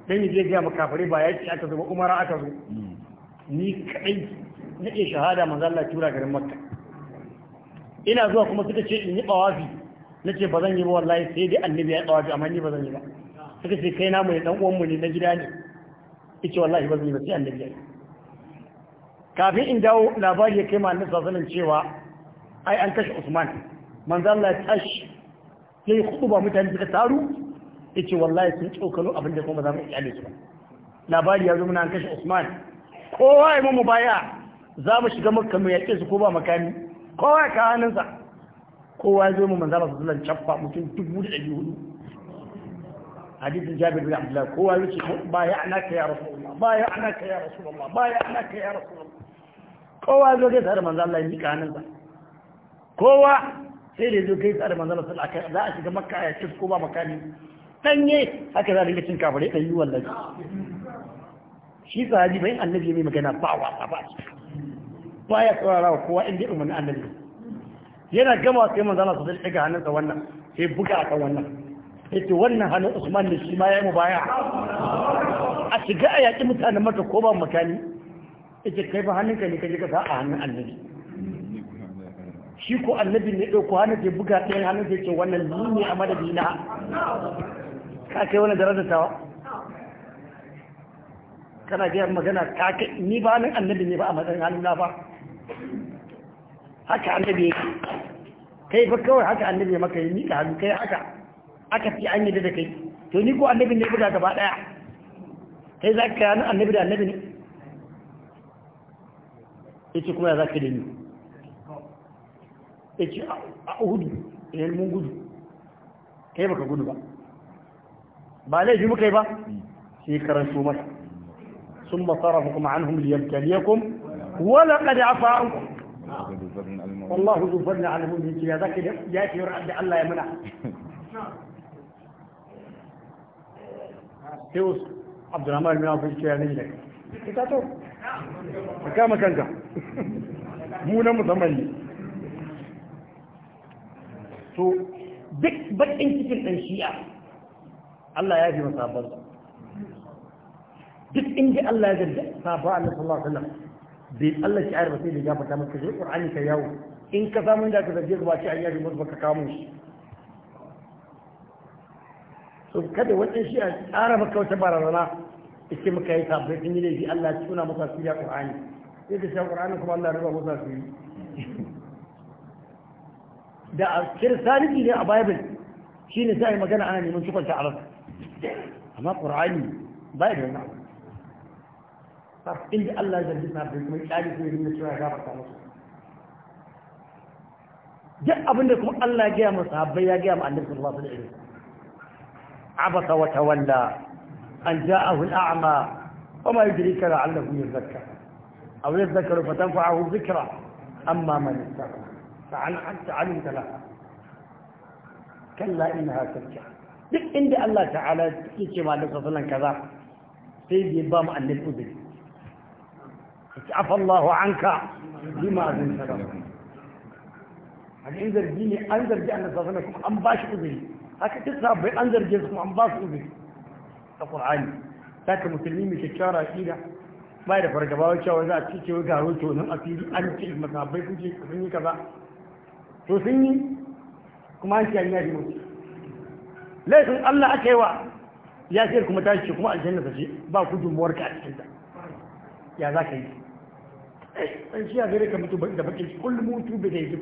dan yaje ga makafare ba ya ki aka zo Umar aka zo hmm. ni kai na ke shahada manzo Allah tura garin Makka ina zuwa kuma suka ce in yi bawafi nace ba zan yi ba wallahi sai dai annabi ya bawafi amma ni ba zan yi ba suka ce kai na ne dan uwan mu ne na gida ne yace wallahi ba zan yi ba sai annabi ya yi kafin in dawo labari ya kai ma annabi sallallahu alaihi wasallam cewa ai an kashe Usman manzo Allah ya tashi yayi ba mutane suka taru yace wallahi sun tsokalo abin da kuma za mu iyale su labari ya zo muna an kashe Usman kowa ya mu baya za mu shiga makka mu yaƙe su ko ba makami kowa ya kawo hannunsa kowa ya zo mu manzala su zulan cafa mutum dubu da ɗari hudu hadisin jabir bin abdullahi kowa ya ce ba ya ana ka ya rasulullah ba ya ana ka ya rasulullah ba ya ana ka ya rasulullah kowa ya zo gaisa da Allah ya miƙa hannunsa kowa sai da zo kai sa da manzon sallallahu alaihi za a shiga makka ya ci ko ba makani danye haka za a dinga cin kafare yi wallahi shi sahabi bayan annabi mai magana ba wasa ba ba ya tsara wa kowa inda umarni annabi yana gama sai manzon sallallahu alaihi ga hannunsa wannan sai buga akan wannan yace wannan hannun Usman ne shi ma ya yi mubaya a shiga a yaƙi mutanen maka ko ba makani yace kai ba hannunka ne kaje ka sa a hannun annabi shi ko annabi ne ɗauko hannun ke buga ɗaya hannun ke ce wannan ni ne a madadi na ka kai wani da tawa kana biyar magana ka kai ni ba nan annabi ne ba a matsayin hannun na ba haka annabi ke kai ba kawai haka annabi ya maka yi ni ka hannu kai haka aka fi an yi da kai to ni ko annabi ne buga gaba ɗaya kai za ka kai annabi da annabi ne yace kuma ya za ka da ni ya ce a uhudu ya eh, mun gudu kai baka gudu ba ba laifi muka yi ba sai karanto mata sun masara hukum an hum liyabtaliyakum wala qad afa ankum Allah zu fadna ala mun yake ya zaka ya ce da Allah ya mana sai Abdurrahman bin Auf ya ne ne ka to ka kama kanka mu na musamman ne to duk bakin cikin ɗan shi'a Allah ya fi masabar duk inda Allah ya zarga sabon Allah sallallahu alaihi wasallam bai Allah shi ayar ba sai da ya fata maka sai Qur'ani ka yawo in ka samu da ka zarge ba shi an yaji musu kawo kamo shi to kada wannan shi a tsara maka wata barazana ita muka yi sabbai sun yi laifi Allah ya tuna masa su ya Qur'ani sai ka shi Qur'ani kuma Allah ya raba masa su da a cire salisi ne a bible shi ne sai magana ana neman sufar sha'arar amma ƙur'ani ba ya da wani abu inda Allah ya zargi sabbin kuma ƙyali kuma yin cewa ya gafarta musu duk abin da kuma Allah ya gaya masa sahabbai ya gaya ma annabi sallallahu alaihi wasallam abasa wa tawalla an ja'ahu al-a'ma wa ma yudrika la'allahu yazakka aw yadhakkaru fatanfa'ahu dhikra amma man istaghna تعال حتى علم ثلاثة كلا إنها ترجع duk inda Allah ta'ala ya ce malin sassanan kaza sai bai ba mu annin uzuri ki afallahu anka bima azin salam an in zargi ne an zargi annin sassanan kuma an ba shi uzuri haka duk sabai an zarge su kuma an ba su uzuri ta qur'ani saka mai kyakkyawar aqida bai da fargaba wacce za a ci ce ga roto an kaza to sun yi kuma an ce ya yafi mutu laifin Allah aka yi wa ya ce kuma ta ce kuma aljanna ta ce ba ku jumuwar ka a cikinta ya za ka yi ɗan eh, shi ya gare ka mutu da bakin kullum mutu bai da yi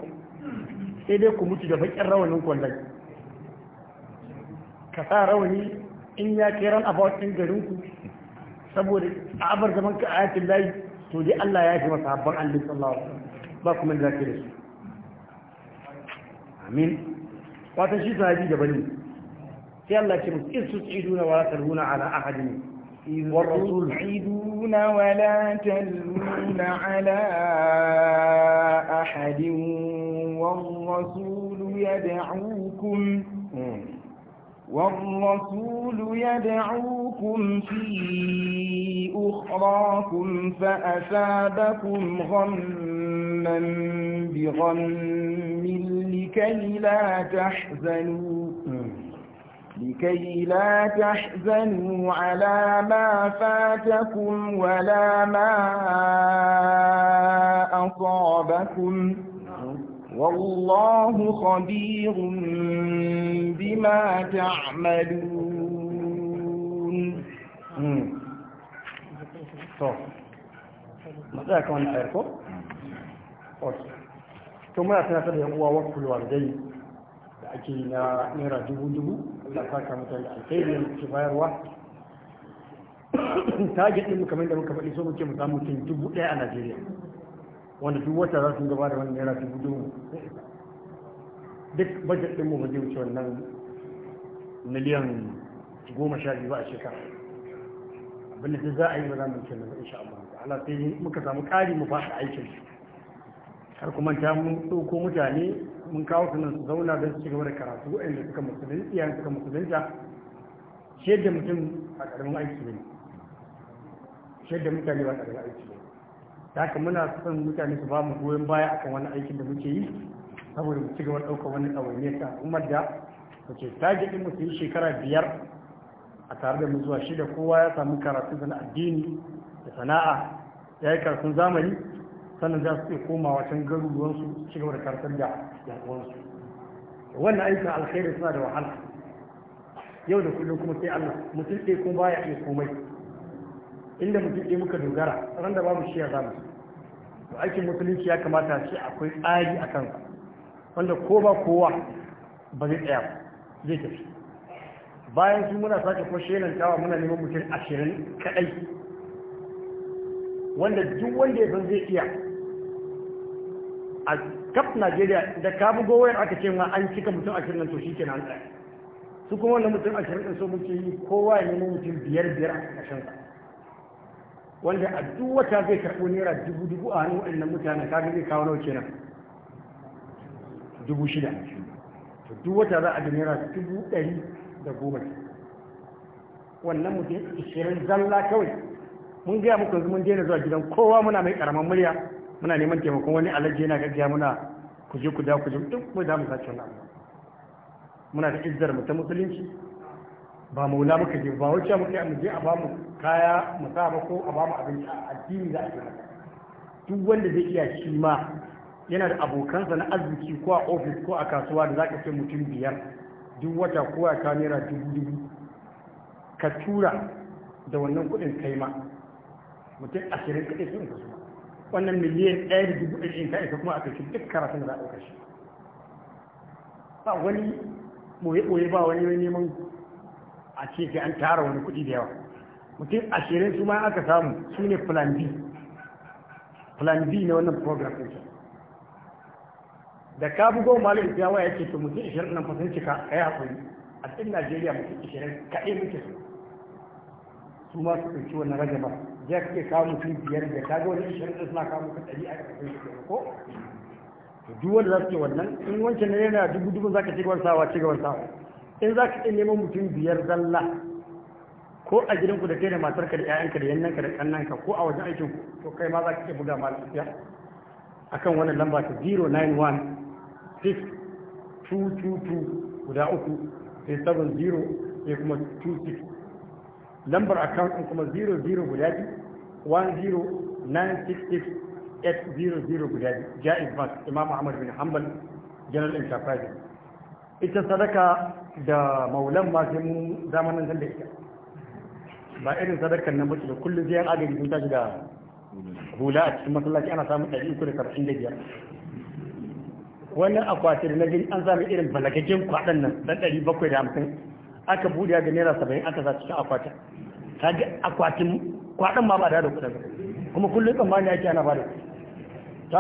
sai dai ku mutu da bakin rawanin kwallon ka sa rawani in ya kai ran about din garinku saboda a abar zaman ka ayatul layi to dai Allah ya fi masa habban Allah sallallahu alaihi wasallam ba kuma da zafi da su amin watan shi sahabi da bani sai Allah ce musu in tusiduna wa tarhuna ala ahadin والرسول تعيدون ولا تلون على أحد والرسول يدعوكم والرسول يدعوكم في أخراكم فأثابكم غما بغم لكي لا تحزنوا لكي لا تحزنوا على ما فاتكم ولا ما أصابكم والله خبير بما تعملون ماذا كان حيركو؟ ثم أثناء تلك هو وقف الوردين لأجينا نرى جبو جبو لأفاك مثل الخير الشفاير واحد تاجئ المكمل لهم كفاليسون كما تنتبو لها نجيريا wanda duk wata za su gaba da wannan naira dubu dubu? duk bajet ɗin mu ba zai wuce wannan miliyan goma sha biyu ba a shekara abinda duk za a yi ba za mu wuce nan insha Allah ta'ala sai muka samu ƙari mu fasa aikin har kuma ta mun ɗauko mutane mun kawo su nan su zauna don su ci gaba da karatu waɗanda suka musulunci yayin suka musulunta shaidar mutum a ƙaramin aiki ne shaidar mutane ba ƙaramin aiki ne haka muna son mutane su ba mu goyon baya akan wani aikin da muke yi saboda mu ci gaba ɗaukar wani ɗawainiyar ta al'ummar da muke tagiɗin mu su yi shekara biyar a tare da mu zuwa shida kowa ya samu karatu na addini da sana'a ya yi karatun zamani sannan za su iya komawa can garuruwansu su ci gaba da karatar da yan'uwansu wannan aikin alkhairi suna da wahala yau da kullum kuma sai Allah mutum ɗaya kuma baya iya komai inda mutum ɗaya muka dogara ran da babu shi ya zamu to aikin musulunci ya kamata ce akwai tsari a kansa wanda ko ba kowa ba zai tsaya zai tafi bayan su muna sake ko shelantawa muna neman mutum ashirin kadai wanda duk wanda ya san zai iya a kaf najeriya da ka bugo wayar aka ce ma an cika mutum ashirin nan to shi kenan na tsaya su kuma wanda mutum ashirin ɗin so muke yi kowa ya neman mutum biyar biyar a ƙarshen sa wanda a duk wata zai karɓo naira dubu dubu a hannun waɗannan mutane kaga zai kawo nawa kenan dubu shida to duk wata za a da naira dubu ɗari da goma wannan mutum ishirin zalla kawai mun gaya muku yanzu mun daina zuwa gidan kowa muna mai karaman murya muna neman taimakon wani alaji yana gaggiya muna kuje ku da kuje duk mu za mu sace wannan muna da izzar mu ta musulunci ba maula muka je ba wacce muka yi je a bamu kaya mu sa ba ko a bamu abinci a addini za a yi maka duk wanda zai iya shi ma yana da abokansa na arziki ko a ofis ko a kasuwa da za ka ce mutum biyar duk wata ko a ka naira dubu dubu ka tura da wannan kuɗin kai ma mutum ashirin kaɗai sun kasu wannan miliyan ɗaya da dubu ɗari ka isa kuma a kashi duk karatun da za a ɗauka shi ba wani ɓoye-ɓoye ba wani neman a ce sai an tara wani kuɗi da yawa mutum ashirin su ma aka samu su ne plan b plan b na wannan program ɗin da ka bugo malam ya waya ce to mutum ashirin nan fasin cika ka yi haƙuri a cikin najeriya mutum ashirin kaɗai muke su su ma su ɗauki wannan rajaba za ka iya kawo mutum biyar da ka ga wani ashirin ɗin suna kawo mutum ɗari a ƙarƙashin su ko to duk wanda za su ce wannan in wancan ne yana dubu dubu za ka ci gaban sawa ci gaban sawa in za ka iya neman mutum biyar zalla ko a gidanku da kai da matarka da 'ya'yanka da yannanka da kannanka ko a wajen aikinku to kai ma za ka iya buga malam tafiya a kan wannan lamba ta 091 6222 guda uku sai 70 sai kuma 26 lambar account din kuma 00 guda biyu 10966 800 guda biyu jaiz bank imam ahmad bin hanbal general enterprise ita sadaka da maulan masu zamanin san da ita ba irin sadakar na mutu da kullum sai an agaji sun tashi da hula a cikin masallaci ana samun ɗari uku da saba'in da biyar wannan akwatin na gani an sami irin balagaggen kwaɗan nan ɗan ɗari bakwai da hamsin aka buɗe ga naira saba'in aka sa cikin akwatin ga akwatin kwaɗan ma ba da kuɗin kuma kullum tsammani ake ana ba da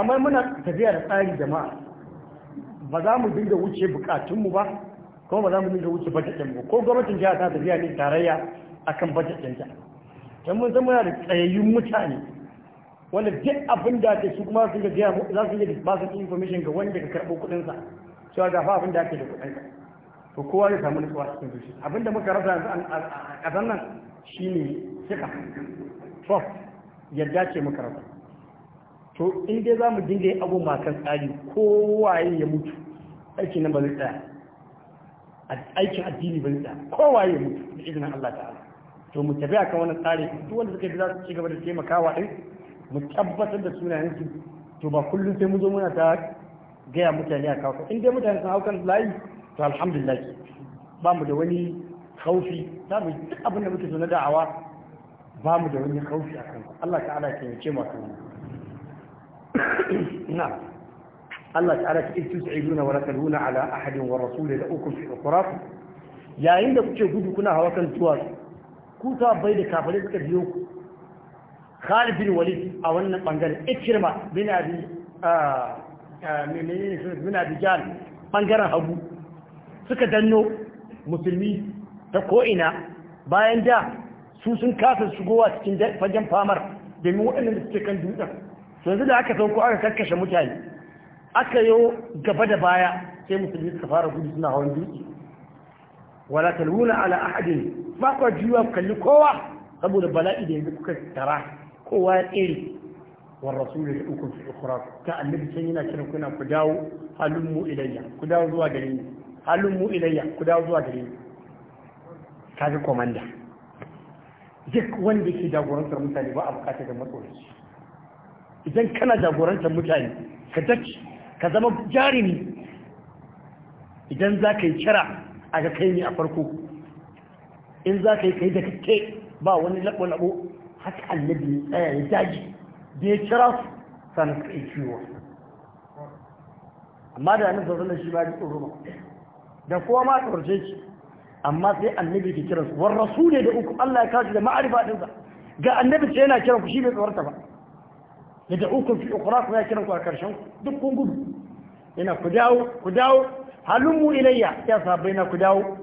kuɗi muna tafiya da tsari jama'a ba za mu dinga wuce bukatunmu ba kuma ba za mu dinga wuce bajetin mu ko gwamnatin jiha ta tafiya ne tarayya akan bajetin ta dan mun zama da tsayayyun mutane wanda duk abin da ake su kuma su ga jiya za su yi ba su information ga wanda ka karɓo kuɗinsa sa cewa ga fa abin da ake da kuɗin ka to kowa ya samu nutsuwa cikin zuci da muka rasa yanzu a ƙasar nan shine suka to yadda ce muka rasa to in dai za mu dinga yin abu kan tsari kowaye ya mutu aikin na balita aikin addini balita zai kowaye ya mutu da izinin Allah ta'ala to mu tafi akan wannan tsari duk wanda suka yi za su ci gaba da taimakawa din mu tabbatar da sunayen su to ba kullum sai mu zo muna ta gaya mutane a kawo in dai mutane sun hau kan layi to alhamdulillah ba mu da wani kaufi za mu duk abin da muke so na da'awa ba mu da wani kaufi a kan Allah ta'ala ya taimake mu a kan نعم الله تعالى إذ تسعدون ولا على أحد والرسول لأوكم في أخراكم yayin da kuke gudu kuna hawa kan tuwasu ku bai da kafare suka biyo ku Khalid bin Walid a wannan bangare Ikrima bin Abi menene bin bangaren hagu suka danno musulmi ta ko ina bayan da su sun kasa shigowa cikin fagen famar domin waɗannan suke kan dutsen yanzu da aka sauko aka karkashe mutane aka yo gaba da baya sai musulmi suka fara gudu suna hawan dutse wala talwuna ala ahadin ba ku jiwa kalli kowa saboda bala'i da yanzu kuka tara kowa ya tsere war rasul ya uku fi ukhra ta annabi sai yana kiran kuna ku dawo halun mu ilayya ku dawo zuwa gare ni halun mu ilayya ku dawo zuwa gare ni kaji komanda duk wanda ke jagorantar mutane ba a bukatar da matsoraci idan kana jagorantar mutane ka dace ka zama jarumi idan za ka yi kira a ga kai ne a farko in za ka yi kai da kake ba wani labo-labo haka annabi ya tsaya ya daji da ya kira su sanar ka yi ciwo amma da annabi zazzalar shi ba ya tsoro ba da kowa ma tsorce shi amma sai annabi ke kiransu war rasule da uku Allah ya kashi da ma'arifa ɗinsa ga annabi ce yana kiran ku shi bai tsorta ba ya da ukun fi ukura ya kiran ku a karshen duk kun gudu yana ku dawo ku dawo halin mu ilayya ya sabai ina ku dawo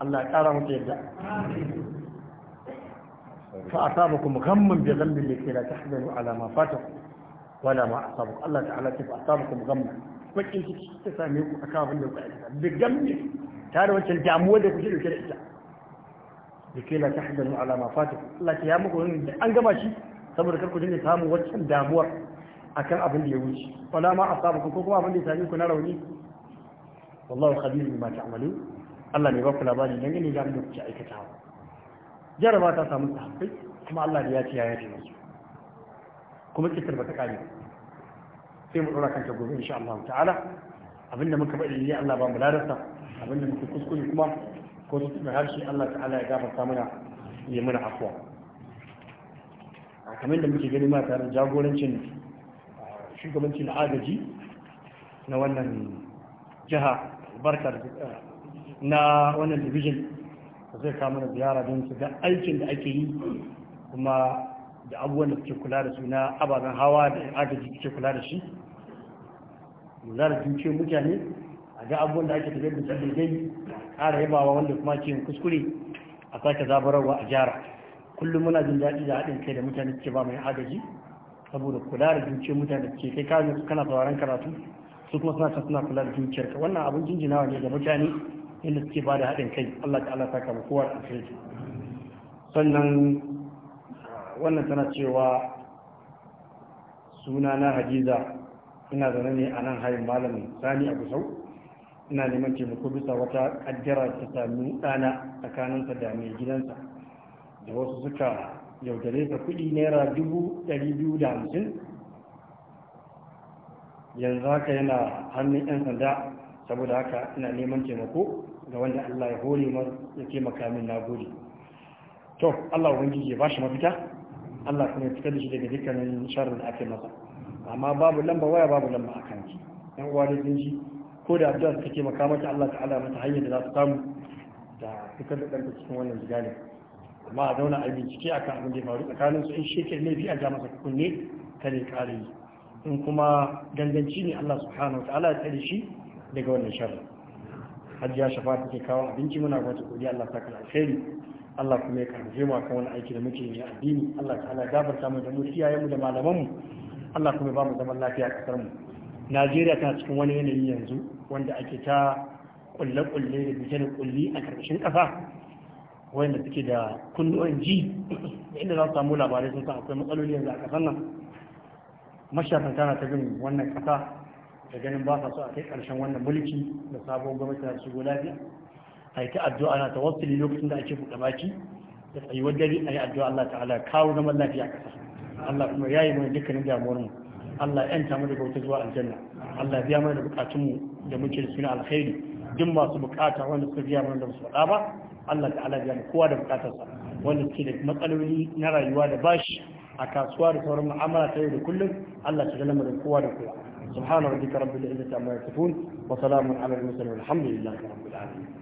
Allah ya kara muku yadda fa asabakum ghamman bi dhanbin laki la tahzanu ala ma fatakum wala ma asabakum Allah ta'ala ta fa asabakum ghamman bakin ciki ta same ku akan abin da ku aikata bi ghammi tare wancan damuwar da kuke dauke da ita laki la tahzanu ala ma fatakum Allah ya muku da an gama shi saboda karku ku dinga samun wancan damuwar akan abin da ya wuce wala ma asabakum ko kuma abin da ya same ku na rauni wallahu khabir bima ta'malu Allah ne ba ku labari dan ne da abin da kuke aikatawa jaraba ta samu sahabbai kuma Allah ya ce ya yi musu kuma kitar ba ta kare sai mu dora kanta gobe insha Allah ta'ala abinda muka faɗi ne Allah ba mu ladarsa abinda muka kuskure kuma ko su harshe Allah ta'ala ya gafarta mana ya mana afwa kamar da muke gani ma da jagorancin shugabancin agaji na wannan jiha barkar eh, na wannan division zai kama da ziyara don su ga aikin da ake yi kuma da abubuwan da suke kula da su na ababen hawa da agaji suke kula da shi za da dukiyo mutane a ga abubuwan da ake tafiyar da kara ƙara yabawa wanda kuma ke kuskure a sake zabararwa a gyara kullum muna jin daɗi da haɗin kai da mutane ke ba mai agaji saboda kula da dukiyar mutane ke kai kayan kana sauraron karatu su kuma suna suna kula da dukiyarka wannan abin jinjinawa ne ga mutane inda suke ba da haɗin kai Allah ta Allah saka kowa a sannan wannan tana cewa suna na hadiza ina zaune ne a nan hayin malamin sani a gusau ina neman taimako bisa wata kaddara ta sami ɗana tsakaninsa da mai gidansa da wasu suka yaudare ka kuɗi naira dubu ɗari biyu da hamsin yanzu haka yana hannun 'yan sanda saboda haka ina neman taimako ga wanda Allah ya hore mar ya taimaka min na gode to Allah ubangiji ya shi mafita Allah kuma ya fitar da shi daga dukkanin sharar da ake masa amma babu lamba waya babu lamba a kanki yan uwa da ko da addu'a suka taimaka mata Allah ta'ala mata hanyar da za su samu da fitar da ɗanta cikin wannan jigalin amma a zauna a bincike a kan abin da ya faru tsakanin su in shekar laifi a jami'a kunne kare kare yi in kuma ganganci ne Allah subhanahu wa ta'ala ya tsare shi daga wannan sharri ya shafa take kawo abinci muna wata godiya Allah ta kala alkhairi Allah kuma ya karfe mu akan wani aiki da muke yi addini Allah ta'ala ya gafarta mu da mu kiyaye mu da malaman mu Allah kuma ya bamu zaman lafiya a kasar mu Najeriya tana cikin wani yanayi yanzu wanda ake ta kulle-kulle da bitar kulli a karkashin ƙasa wanda suke da kunnuwan ji inda za su samu labarai sun san akwai matsaloli yanzu a ƙasar nan masharanta na ta bin wannan ƙasa da ganin ba sa so a kai ƙarshen wannan mulki da sabon gwamnati na shigo lafiya a yi ta addu'a na tawassuli lokacin da ake buɗe baki da tsayuwar dare a yi addu'a Allah ta'ala kawo zaman lafiya a ƙasa Allah kuma ya yi mana dukkanin damuwar mu Allah ya ta mu da wata zuwa aljanna Allah ya biya mana da bukatunmu da muke da suna alkhairi duk masu bukata wanda suka biya mana da musu faɗa ba Allah ta'ala ya kowa da bukatarsa wanda suke da matsaloli na rayuwa da bashi a kasuwa da sauran mu'amala ta yau da kullum Allah shi galama da kowa da kowa subhana rabbika rabbil izzati amma yasifun wa salamun ala al mursalin walhamdulillahi rabbil alamin